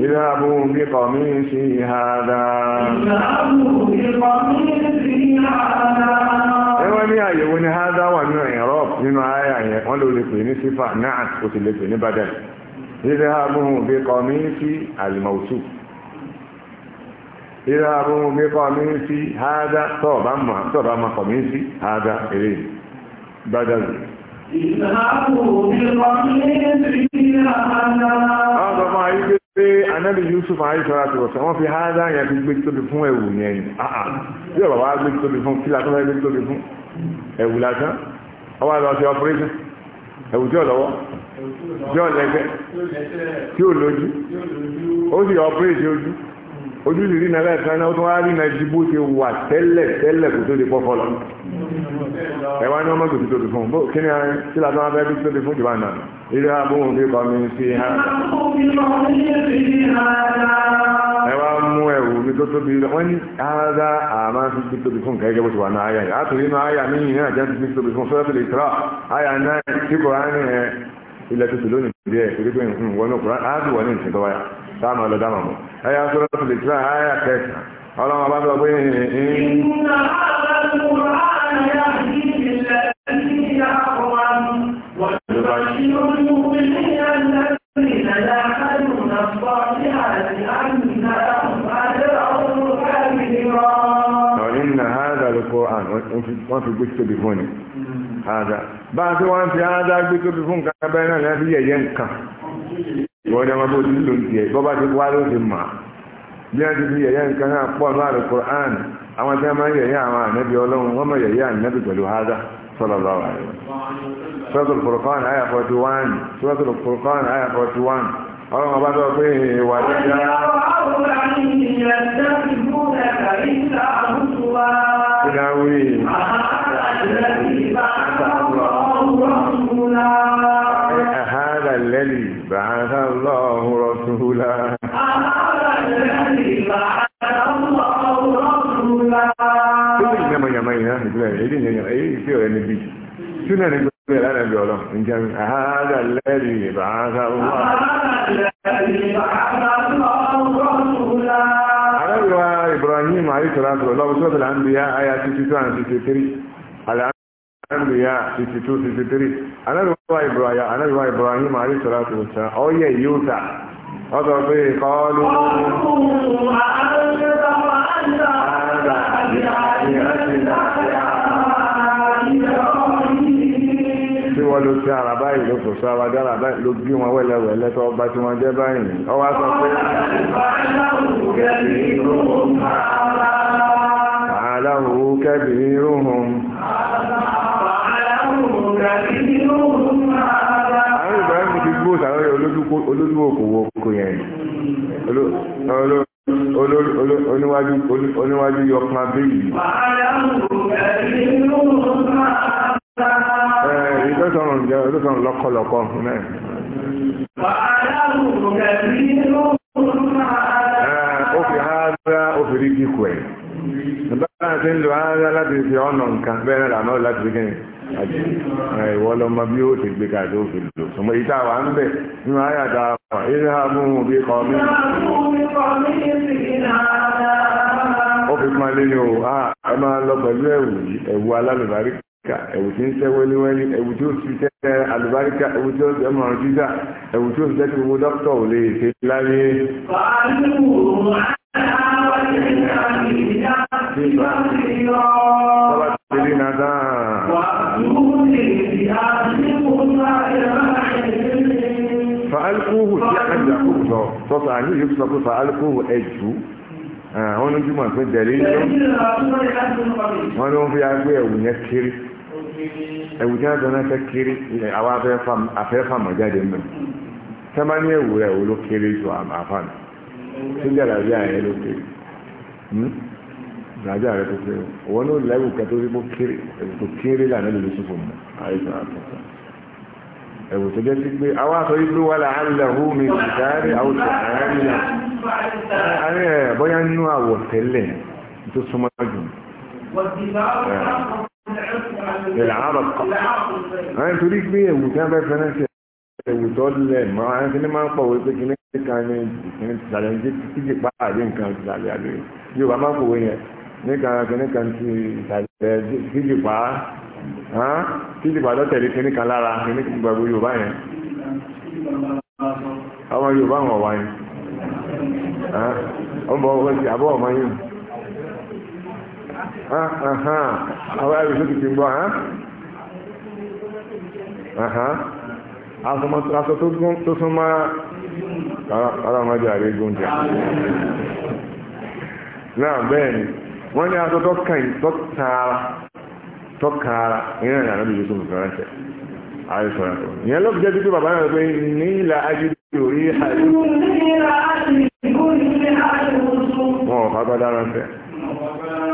اذهبوا بقميصي هذا ẹwọ́n ní àyẹ̀wò ni hádá wà nínú ẹ̀rọ nínú ayà yẹn wọ́n ló lè pè ní sífà náà اذهبوا بقميصي الموصوف اذهبوا بقميصي هذا tọ́ọ̀bá mọ̀ tọ́ọ̀bá mọ̀ قميصي هذا اذهبوا بقميصي هذا pé anábì Yusuf àìsọ́ra ti wọ̀sán wọ́n fi hádá yẹn fi gbé tóbi fún ẹ̀wù yẹn ni àà ah, ah. bí ọ̀rọ̀ wá gbé tóbi fún kí látọ́ gbé tóbi fún ẹ̀wù lásán ọwọ́ àlọ́ ti ọpẹ́rẹ́sìn ẹ̀wù tí ò lọ́wọ́ tí ò lẹ́gbẹ́ tí ò lójú ó sì ọpẹ́rẹ́sìn ojú ojú sì rí nàlẹ́ náà ó tún wá rí nàìjíríà bó ti wà tẹ́lẹ̀ tẹ́lẹ̀ kò tó di pọ́fọ́ lọ ẹ̀wá ni wọ́n mọ́tò tó ti fún bó kí ni kí lásán wọn fẹ́ bí tó ti fún jùlọ náà ilé abóhùn bí kọ́ mi sí ha. ẹ̀wá mú ẹ̀wù bí tó tóbi wọ́n ní ara àmà fi bí tóbi fún kẹ́kẹ́ bó ti wà náà ayà yìí àtúrí inú ayà mí yìí náà jẹ́ bí tóbi fún fẹ́ẹ́ fìlè tọ́ ayà náà tí kò rán ní ilẹ̀ tuntun lónìí díẹ̀ torí pé hmm, wọnú kùrán á sì wọ ní ìsìn tó wáyà dáàmà lọ dáàmà mọ́ ayà sọ́rọ́ fìlè tọ́ ayà kẹsàn-án ọlọ́run ọba sọ pé wọ́n fi gbé tóbi fún ni ààdá bá tí wọ́n fi ààdá gbé tóbi fún nǹkan abẹ́rẹ́ náà láti yẹ̀yẹ́ nǹkan ìwọ́n ni wọ́n bó ti lò ń tiẹ̀ bọ́bá ti wá ló ti mà bí wọ́n ti fi yẹ̀yẹ́ nǹkan náà pọ̀ ní Al-Qur'an àwọn tí wọ́n máa ń yẹ̀yẹ́ àwọn ànábì ọlọ́run wọ́n máa yẹ̀yẹ́ ànábì pẹ̀lú ààdá sallallahu alaihi wasallam suratul Furqan àyà 41 suratul Furqan àyà 41 ọlọ́run ọba tó pé wà ní ìyá ìdáwí هذا الذي بعث الله رسولا هذا الذي بعث الله رسولا كل ما يمين هذا الذي يدين يدين أي شيء يدين سنة نقول أنا بيعلم إن كان هذا الذي بعث الله هذا الذي بعث الله رسولا على إبراهيم عليه السلام الله بسورة الأنبياء آيات 62 عن 63 الأنبياء 62 63 أنا روى إبراهيم عليه الصلاة والسلام أو يا يوسع هذا فيه قالوا قالوا ما أنت وأنت هذا يعني أنت wọ́n ló ti ara báyìí ló kò ara dára báyìí ló bí wọn wẹ́lẹ́wẹ́lẹ́ tó ọba tí wọ́n jẹ́ báyìí ni ọwọ́ sọ pé aláwo kẹ́bì rúhun àwọn ìbáraẹni ti gbó sàárẹ̀ olójú òkòwò òkò yẹn oníwájú yọkan bí yìí. Eh, ìtọ́sọ̀rọ̀ jẹ́ ìtọ́sọ̀rọ̀ lọ́kọ̀lọ́kọ̀ náà. Eh, ó fi hádá ó fi rí kíkù ẹ̀. bá a ti ń lo hádá láti fi ọ̀nà nǹkan bẹ́ẹ̀ náà lànà láti fi kẹ́yìn. Eh, ìwọ lọmọ bí ó ti gbé káàdì ó fi lò. sọmọ ìta wà ń bẹ̀ nínú ayé àdá wà ilé àbúhùn bí kọ́ mí. ó fi pọn lé ní o ah, ẹ máa lọ pẹ̀lú ẹ̀wù ẹ̀wù alálùbárí ka ẹ̀wù tí ń tẹ́ wẹ́líwẹ́lí ẹ̀wù tí ó fi tẹ́ alùbáríkà ẹ̀wù tí ó jẹ́ mọ̀rọ̀ jíjà ẹ̀wù tí ó fi tẹ́tí gbogbo dókítà ò lè ṣe láyé. fàálùkùhù tí a jà kò sọ sọ́sọ́ àní yìí sọ pé fàálùkùhù ẹ̀jú àwọn oníjúmọ̀ pé dẹ̀rí ń lọ wọ́n ló ń fi agbé ẹ̀wù yẹn kiri ẹ̀wù tí wọ́n jọ náà fẹ́ kéré àwọn afẹ́fàmọ̀ jáde mọ́ tẹ́mà ní ẹ̀wù rẹ̀ wò ló kéré ju àfàn tí ń jàdà bí ààrẹ ló kéré ìrìnàjò hmm? ààrẹ tó kéré òun ló lẹ́wù kẹtó rí bó kéré ẹ̀wù tó kéré lànà lè lóṣù fún mi àìsàn àtọ̀tọ̀ ẹ̀wù ìlàárọ̀kọ̀. àwọn torí pé ẹ̀wù tí wọ́n fẹ́ fẹ́ náà ṣe ẹ̀wù tó lẹ̀ mọ́ àwọn tí wọ́n máa ń pọ̀ wí pé kìíní kan ní ìkíní tìsàlẹ̀ ní títí pa àbí nǹkan tìsàlẹ̀ àbí yóò bá máa ń pòwe yẹn níkan kìíní kan ti ìsàlẹ̀ títí pa títí pa lọ́tẹ̀lé kìíní kan lára kìíní kan gbàgbó Yorùbá yẹn. àwọn Yorùbá wọn wá àwọn ẹrù sókè ti gbọ́ aṣọ tó sún mọ́ ọlọ́mọdé àrígún jẹ́ náà bẹ́ẹ̀ ni wọ́n ní aṣọ tọ́kàára ìrìn àrẹ́ lójú tó mùsùlùmí rẹ̀ àìsàn ẹ̀kọ́ ìyẹn ló fi jẹ́ títí bàbá náà pé ní ìlà ajídé orí àìsàn wọn ò fagbádára ń fẹ́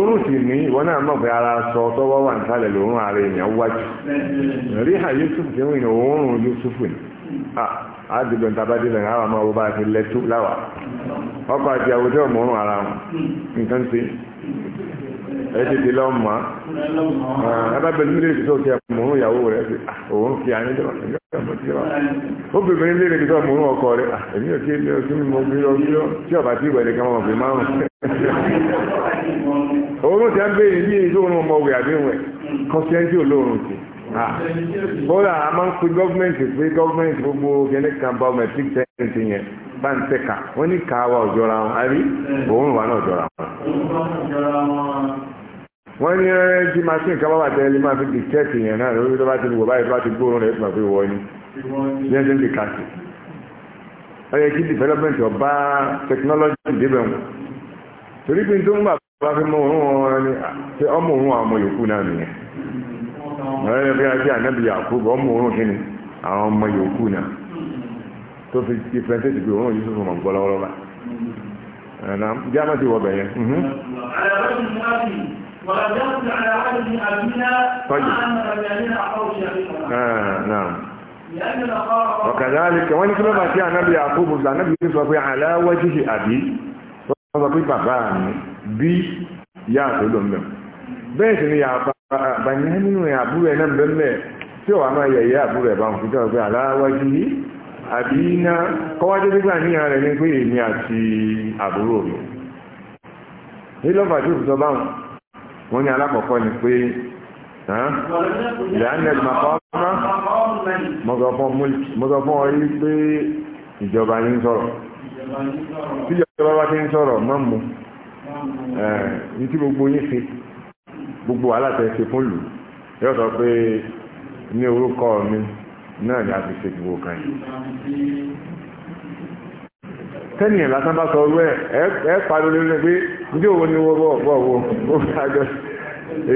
òórùn sì ní ìwọ náà mọ̀ pé ara sọ tọ́wọ́ wà nísàlẹ̀ lòórùn ara èèyàn wájú ríhà yusuf ti rìn òórùn yusuf ni àdìgbò ntàbádì lẹ́yìn àwọn ọmọ ọwọ́ bá lẹ́tú láwà ọkọ̀ àti àwùjọ mọ̀ọ́rùn ara wọn nǹkan ẹ ti di lọ́wọ́ mọ́ arábẹ́ni mi lè fi sọ́ọ̀tì àmọ́ òun ìyàwó rẹ̀ fi òun fi àyín tó ọmọ tí wọ́n ó bèbè ní lè fi sọ́ọ̀ mọ́ òun ọkọ rẹ̀ èmi ò tí ì kí mo fi lọ bí ó tí ọba tí ìwẹ̀ nìkan wọn fi márùn. <laughs> òun ti ń béèrè bí èyí tó ń mọ òwe àbí òwe kọ́síẹ́ntì olóorun ti bọ́lá a máa ń pe gọ́ọ̀mẹ̀ntì pé gọ́ọ̀mẹ̀ntì gbogbo kẹ́lẹ́ kan bá ọmọ ẹ̀tí tẹ́ǹtì yẹn bá ń tẹ́ka wọ́n ní ká wa ọ̀jọ́ra wọn àbí òun wà náà ọ̀jọ́ra wọn wọ́n ní ẹ́ eh, tí machine kan bá wà tẹ́lẹ̀ máa fi di tẹ́ẹ̀tì yẹn náà lórí tó bá ti wò báyìí tó bá ti gbóòórùn rẹ̀ tó máa fi wọ́ ni yẹn ti ń di kàṣì. ó yẹ kí development ọba technology débẹ̀ wọn torí pé tó ń bà bá fi mọ òun wọn ni pé ọmọ òun àwọn ọmọ yòókù náà nìyẹn. ọ̀rẹ́ rẹ̀ fi àti ànábì Yakubu ọmọ òun kí ni àwọn ọmọ yòókù náà tó fi differentiate pé òun yìí tó ورجعنا على عدد أبينا طيب آه نعم وكذلك وين كما باتي النبي يعقوب النبي يوسف على وجه أبي wọ́n sọ pé bàbá mi bí ìyá àtọ́lọ́ mẹ́ bẹ́ẹ̀ sì ni àbànyẹ́ nínú àbúrò ẹ̀ náà bẹ́ẹ̀ tí ó wà máa yẹ̀yẹ́ àbúrò ẹ̀ bá ń fìjọ́ pé aláwájú yìí àbí iná kọ́wájú nígbà níyàn rẹ̀ ní pé èmi àti àbúrò mi ní lọ́fà tí ó fi sọ báwọn wọ́n ní alákọ̀ọ́kọ́ ni pé ìyáńlẹ̀ mọ̀kọ́ọ́mọ́ mọ́gọ́fọ́ orí pé ìjọba ní sọ̀rọ̀ tí ìjọba bá ti ń sọ̀rọ̀ mọ́ mú ní tí gbogbo yín fi gbogbo alátẹ̀ ṣe fún lù yóò sọ pé ní orúkọ mi náà ni a fi ṣe gbogbo kan tẹ́nìyàn lásán bá sọ ọgbẹ́ ẹ parí olórí pé ní òwò ni wọ́n bọ̀ ebe wọ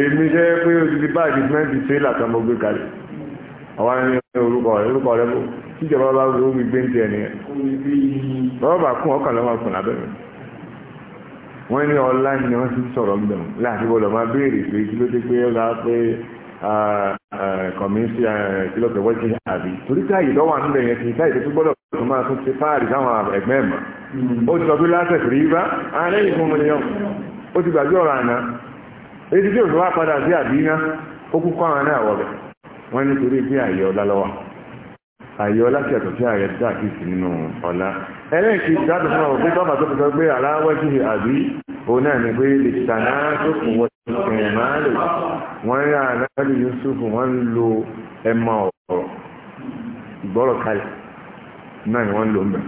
èmi jẹ́ pé odidi báàgì mẹ́ǹtì tẹ́lá kan mo gbé kalẹ̀ àwọn ẹni orúkọ rẹ orúkọ rẹ bó tíjọba bá gbé omi gbé ń tiẹ̀ nìyẹn rọ́bà kún ọkàn lọ́wọ́ kùn lábẹ́ mi wọ́n ní ọlá ni wọ́n ti sọ̀rọ̀ ń Eh, kọ̀mísí eh, kílọ̀pẹ̀ wẹ́jì àbí torí tí àyè lọ́wọ́ àmì ẹ̀yẹn ti ká ìdẹ́tú gbọ́dọ̀ tó máa tún ti fáàrí sáwọn ẹ̀gbẹ́ ẹ̀mọ́ mm. ó ti sọ pé látẹ̀sì rí bá arẹ́yìn fún mi yọ ó ti gbàgbé ọ̀rọ̀ àná èyí tí òṣùwà padà sí àbí iná ó kú kọ́ àwọn náà wọ̀bẹ̀ wọ́n ní torí pé àyè ọ̀la lọ́wọ́ àyè ọ̀la ti ẹ̀tọ́ sí ààrẹ dákìsì nínú ọ̀la ẹlẹ́ẹ̀kejì dáàbò fún ọ ìmàlè wọ́n rí Yusuf wọ́n lo ẹmọ ọ̀rọ̀ ìgbọ́rọ̀ kalẹ̀ náà ni wọ́n lò ń bẹ̀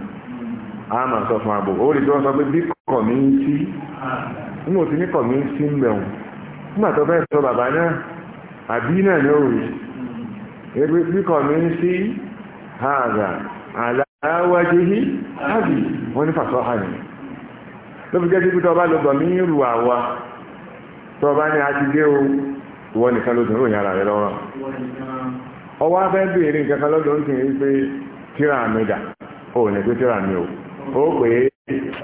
a máa sọ fún àbò ó rí tí wọ́n sọ pé bí ní ń bẹ̀ nígbà tó fẹ́ bàbá náà àbí náà ni ó rí ebi bí aláwájú yìí wọ́n ní fàṣọ jẹ́ àwa tó bá ní àti dé o ìwọ nìkan ló dùn ròyìn ara lọ́rọ̀ ọwọ́ afẹ́ bèèrè nǹkan kan lọ́dọ̀ ń tún yí pé tíra mi dà ó ní pé tíra mi o ó pè é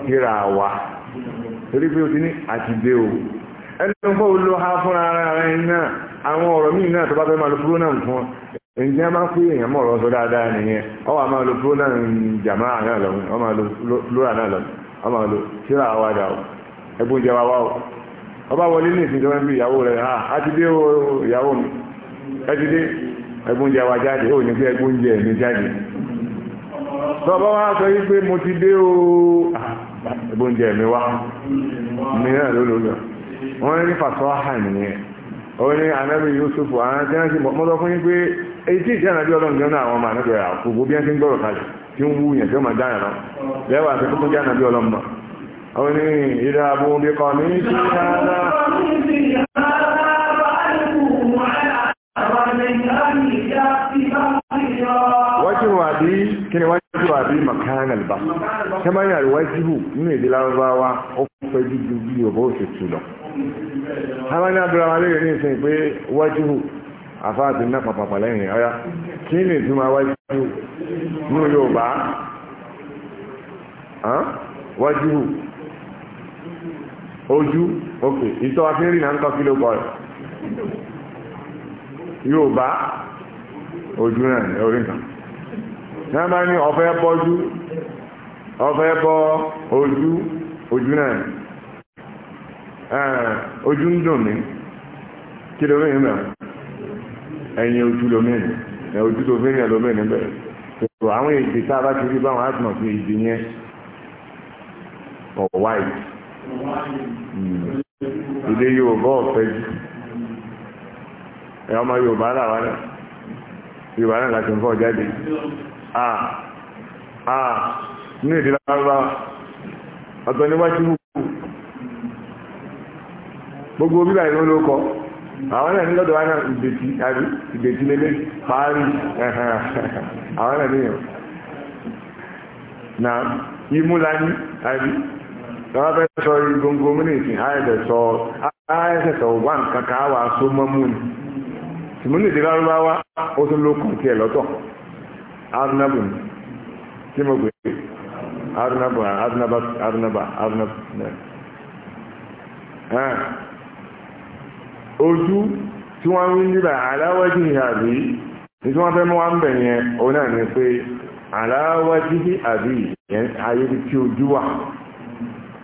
tíra wa torí pé o ti ní àti dé o ẹni tó ń fọ́ ha fúnra ara rẹ náà àwọn ọ̀rọ̀ míì náà tó bá fẹ́ máa lo pronoun fún ọ ǹjẹ́ máa ọ wà máa lo ọ máa ọ máa lo tíra wa dà o ọba wọlé ní ìsìn jọba ń bí ìyàwó ha ah, ti dé ìyàwó mi ẹ ti dé jẹ wa jáde ó ní jẹ mi jáde sọ pé mo ti dé o ah, ẹgbùn jẹ mi wá mìíràn ló lò lọ wọ́n ní fàṣọ àhà nìyẹn ó ní anábì Yusuf àwọn tí ti fún pé èyí tí ìjẹ́ ọlọ́run jẹ́ náà àwọn ọmọ ń gbọ́rọ̀ kalẹ̀ tí ń ó ní ìdàbò bí kọ̀ ní sí ààrẹ wájú wà bí kí ni wájú wà bí makaran alba ṣe máa yàrí wájú nínú èdè lárúbáwá ó fẹ́ jíjú bí ọ̀bá òṣètù lọ àwọn ní abúlọ́wà lè rí ìsìn pé wájú àfáàtì náà pàpàpà lẹ́yìn ọ̀yá kí ni ìtumọ̀ wájú ní Yorùbá wájú ojú òkè ìtọ́ afẹ́rì náà ń kọ́ kí ló kọ́ rẹ̀ yóò bá ojú náà ní orí nǹkan náà máa ní ọ̀fẹ́ bọ́jú ọ̀fẹ́ bọ́ ojú ojú náà ojú ń dùn mí kí ló mìíràn mẹ́rin ẹ̀yìn ojú ló mìíràn ẹ̀ ojú tó mìíràn ló mìíràn bẹ̀rẹ̀ tó àwọn èdè tá a bá ti rí báwọn àtúnọ̀ sí èdè yẹn ọ̀wáìtì ilé yorùbá ọ̀fẹ́ jù ẹ̀ ọmọ yorùbá làwọn náà yorùbá náà láti fọ́ jáde ah ah ní èdè lárúbá ọ̀tọ̀ níwájú mú gbogbo bíbá ìlú ló kọ àwọn náà ní lọ́dọ̀ náà ìgbètí àbí ìgbètí lélẹ̀ parí àwọn náà níyàn na imú la tọ́wọ́ fẹ́ sọ gbogbo mínìtì àìsẹ̀ sọ àìsẹ̀ sọ wà nǹkan ká wà só mọ́mú ni tìmúnì ìdílé arúgbáwá ó tún ló kàn tiẹ̀ lọ́tọ̀ arunabu ni tí mo gbé arunabu arunaba arunaba arunabu ojú tí wọ́n ń níbà aláwájú àbí ní tí wọ́n fẹ́ mú wa ń bẹ̀ yẹn òun náà ni pé aláwájú àbí ayé tí ojú wà.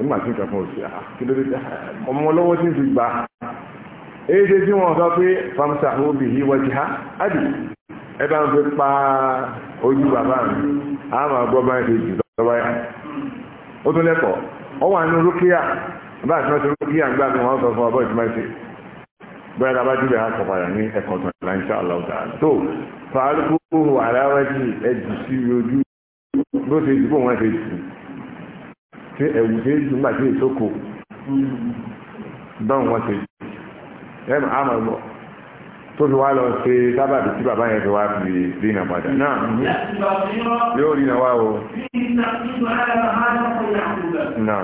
nígbà tí nǹkan kan ò sí ah, kí ló dé ọmọ ọlọ́wọ́ tí ń fi gbà èdè tí wọ́n sọ pé famsa obi yìí wọ́jú ha ádì ẹ bá ń fi pa ojú bàbá mi a máa gbọ́ bá ń fi jù lọ́wọ́ yá ó tún lẹ́kọ̀ọ́ ọ wà nínú rúkìá bá àti wọ́n ti rúkìá ń gbà mí wọ́n sọ fún ọbọ̀ ìtumọ̀ ìṣe bẹ́ẹ̀ la bá dúbẹ̀ á kọ̀padà ní ẹ̀kọ́ tó ní láńṣá ọ̀làwùtà tó fàálùkù aláwájì ẹ̀jù tí ẹ̀wù dé nígbà tí èso dán wọn ṣe ẹnu àmọ́ bọ̀ tó fi wá lọ ṣe sábàbí tí bàbá yẹn fi wá fi rí nà padà náà yóò rí nà wá o. náà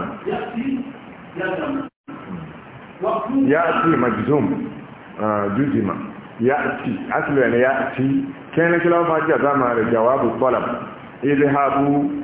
yàtì majzum ya yàtì asìlẹ̀ ni yàtì kẹ́ni kí lọ́wọ́ fàájì àtàmà rẹ̀ jawabu talab ilé ha bú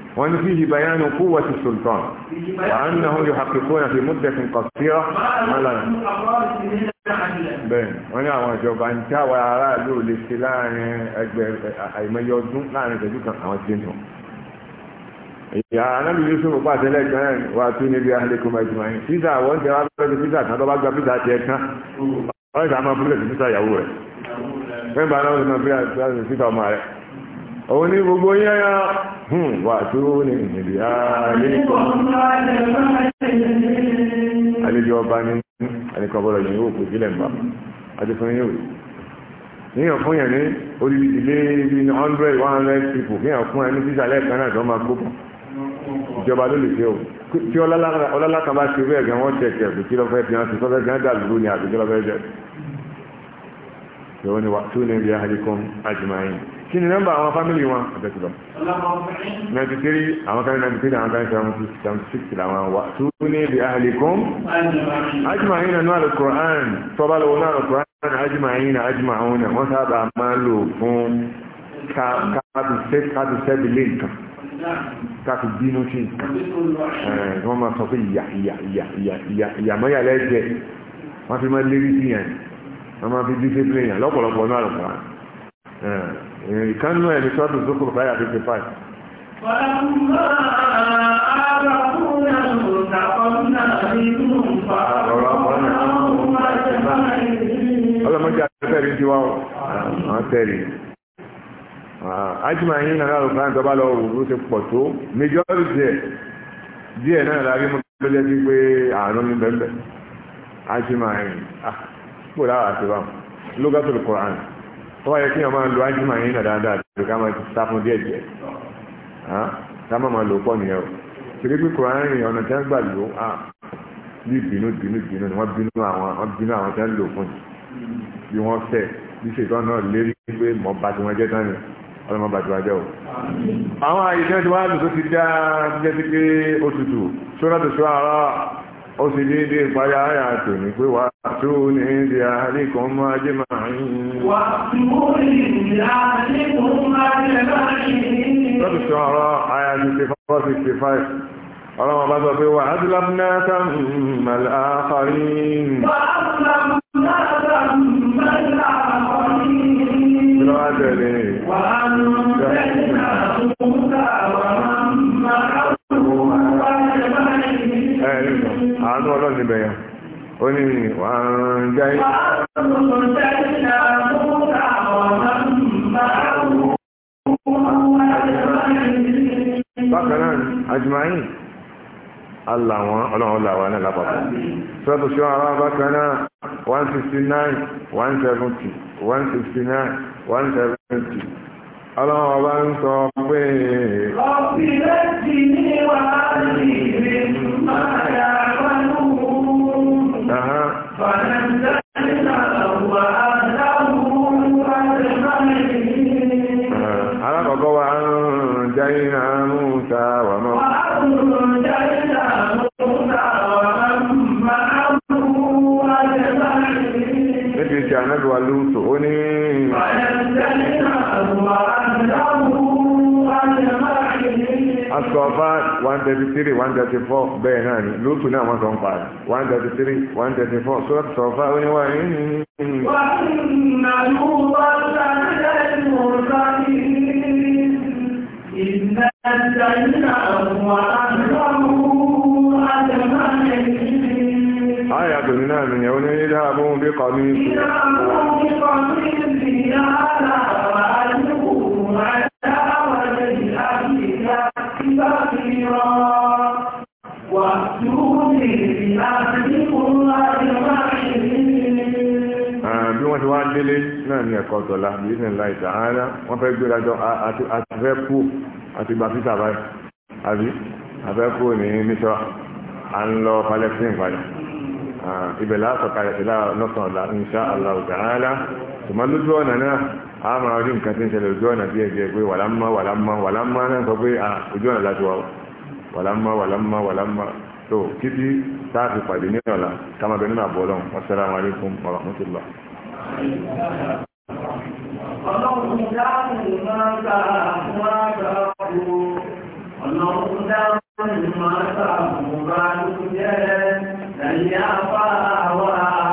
وأن فيه بيان قوة السلطان وأنه يحققون في مدة قصيرة ما لا bẹ́ẹ̀ wọ́n ní àwọn ìjọba ń táwọn aráàlú lè ṣe láàrin ẹgbẹ́ àìmọye ọdún láàrin ìtẹ́jú kan àwọn tí ń tàn ìyá anábì yusuf pàṣẹ lẹ́gbẹ̀ẹ́ rẹ̀ wà tún níbi ahìlẹ́kùn ẹ̀jùmáyìn pizza wọ́n jẹ́ wá bẹ́ẹ̀ pizza kan tó bá gba pizza tiẹ̀ kan wọ́n ìta máa fúnlẹ̀ pizza ìyàwó rẹ̀ fẹ́ẹ̀ bá náà ó ti máa fi pizza ọmọ rẹ̀ òun ní gbogbo yẹ́yà wà tó ní ìrìnlẹ̀ àríkọ̀ àlejò ọba ní àríkọ̀bọ̀rọ̀ yìí ó kò jílẹ̀ mbà àti fún yíò níyàn fún yẹn ní orí ilé ibi 100 100 people níyàn fún ẹni títà lẹ́ẹ̀kan náà tó máa gbókù ìjọba ló lè ṣe o tí ọlọ́lá kan bá ṣe bẹ́ẹ̀ gan wọ́n ṣe ẹ̀kẹ́ kò kí lọ́fẹ́ fi hàn sí sọ́fẹ́ gan dà lóru ni àbíjọ́ lọ́fẹ́ jẹ́ ìwọ ni wà tó ní ibi àríkọ̀ àjùmáyìn kí ni nọ́mbà àwọn fámìlì wọn àjẹsílọ. ninety three àwọn kan ninety three àwọn kan seventy seventy six làwọn wa. tuni bi ahlikum ajma'ina nínú alukur'an tọ́ba lọ́wọ́ náà alukur'an ajma'ina ajma'una wọ́n sábà máa lò fún káàdù sẹ́bi nǹkan káàdù bínú sí nǹkan wọ́n máa sọ pé ìyà ìyà ìyà ìyà ìyà ìyà mọ́yà lẹ́jẹ̀ wọ́n fi máa lérí sí yẹn wọ́n máa fi discipline yẹn lọ́pọ̀lọpọ̀ náà alukur'an ìkánú ẹni sọ́dù zókòrò báyà 55 ọlọ́mọdé àtẹ́rí ti wá ọ̀ àtẹ́rí ah, ajímọ̀ yìí náà lọ́rùn kan tọ́bá lọ òwúrú ti pọ̀ tó mẹjọ́rù díẹ̀ díẹ̀ náà lábí mú lọ́jọ́ sí pé àánú ní bẹ́ẹ̀ ajímọ̀ yìí ah kó láwà sí wa lókàtò Kùránì tó wáyé kí wọ́n máa lo ájúmọ̀ yín náà dáadáa tó ká máa sá fún díẹ̀ díẹ̀ ká máa máa lò pọ̀ nìyẹn o torí pé kòránì ọ̀nà tí wọ́n gbà lò á bí bínú bínú bínú ni wọ́n bínú àwọn wọ́n bínú àwọn tí wọ́n lò fún bí wọ́n fẹ́ bí ṣètò náà lérí pé mọ́ bá ti wọ́n jẹ́ tán ni ọlọ́mọ bá ti wọ́n jẹ́ o. àwọn àyè tí wọ́n ti wá lò tó ti dá ó sì dédé ìpayà àyà tò ní pé wà tó ní ìdí àríkan máa jẹ́ máa ń wà tó ní ìdí àríkan máa jẹ́ máa ń lọ́dún sọ ọ̀rọ̀ àyà 65 ọlọ́wọ́ bá sọ pé wà á dúlábùnáta màláfàrí wà á dúlábùnáta ọlọ́run níbẹ̀ yẹn ó ní wọ́n jáì bákan náà àjùmáyì aláwọn ọlọ́run ọláwà náà lápapọ̀ sọ́tò ṣọ́ ara bákan 169 170 169 170 ọlọ́run ọba ń sọ pé ọ̀pìlẹ́sì ní wàhálì rẹ̀ máa dáa إليها موسى ومن níbi tí a náà lọ tó ó ní asọ́fà 133 134 bẹ́ẹ̀ náà ni lóòtù náà wọ́n sọ ń parí 133 134 sọ́fà ó ní Àyà tó ní náà nìyàn oní ilé àbóhun bí kọ ní ìsìn. Bí wọ́n ti wá délé náà ní ẹ̀kọ́ tọ̀lá, bí ìsìn láìsàn, wọ́n fẹ́ gbéra jọ àti àfẹ́ kú àti gba peter báyìí àbí àfẹ́ kú ní mísọ́ à ń lọ palestine padà ibẹ̀ láàtọ̀ kalẹ̀ sí lọ́sàn ọ̀la insha Allah ta'ala ṣùgbọ́n lójú ọ̀nà náà a máa rí nǹkan tí ń ṣẹlẹ̀ ojú ọ̀nà díẹ̀ díẹ̀ pé wàlámá wàlámá wàlámá náà sọ pé ojú ọ̀nà láti wà wàlámá wàlámá wàlámá tó títí táàfi pàdé ní ọ̀la ká máa bẹ nínú àbọ̀ ọlọ́run wassalamu alaikum wa rahmatullah ọlọ́run dáhùn máa ta àwọn àgbàkù ọlọ́run dáhùn máa ta àwọn àgbàkù jẹ́ ẹ̀yà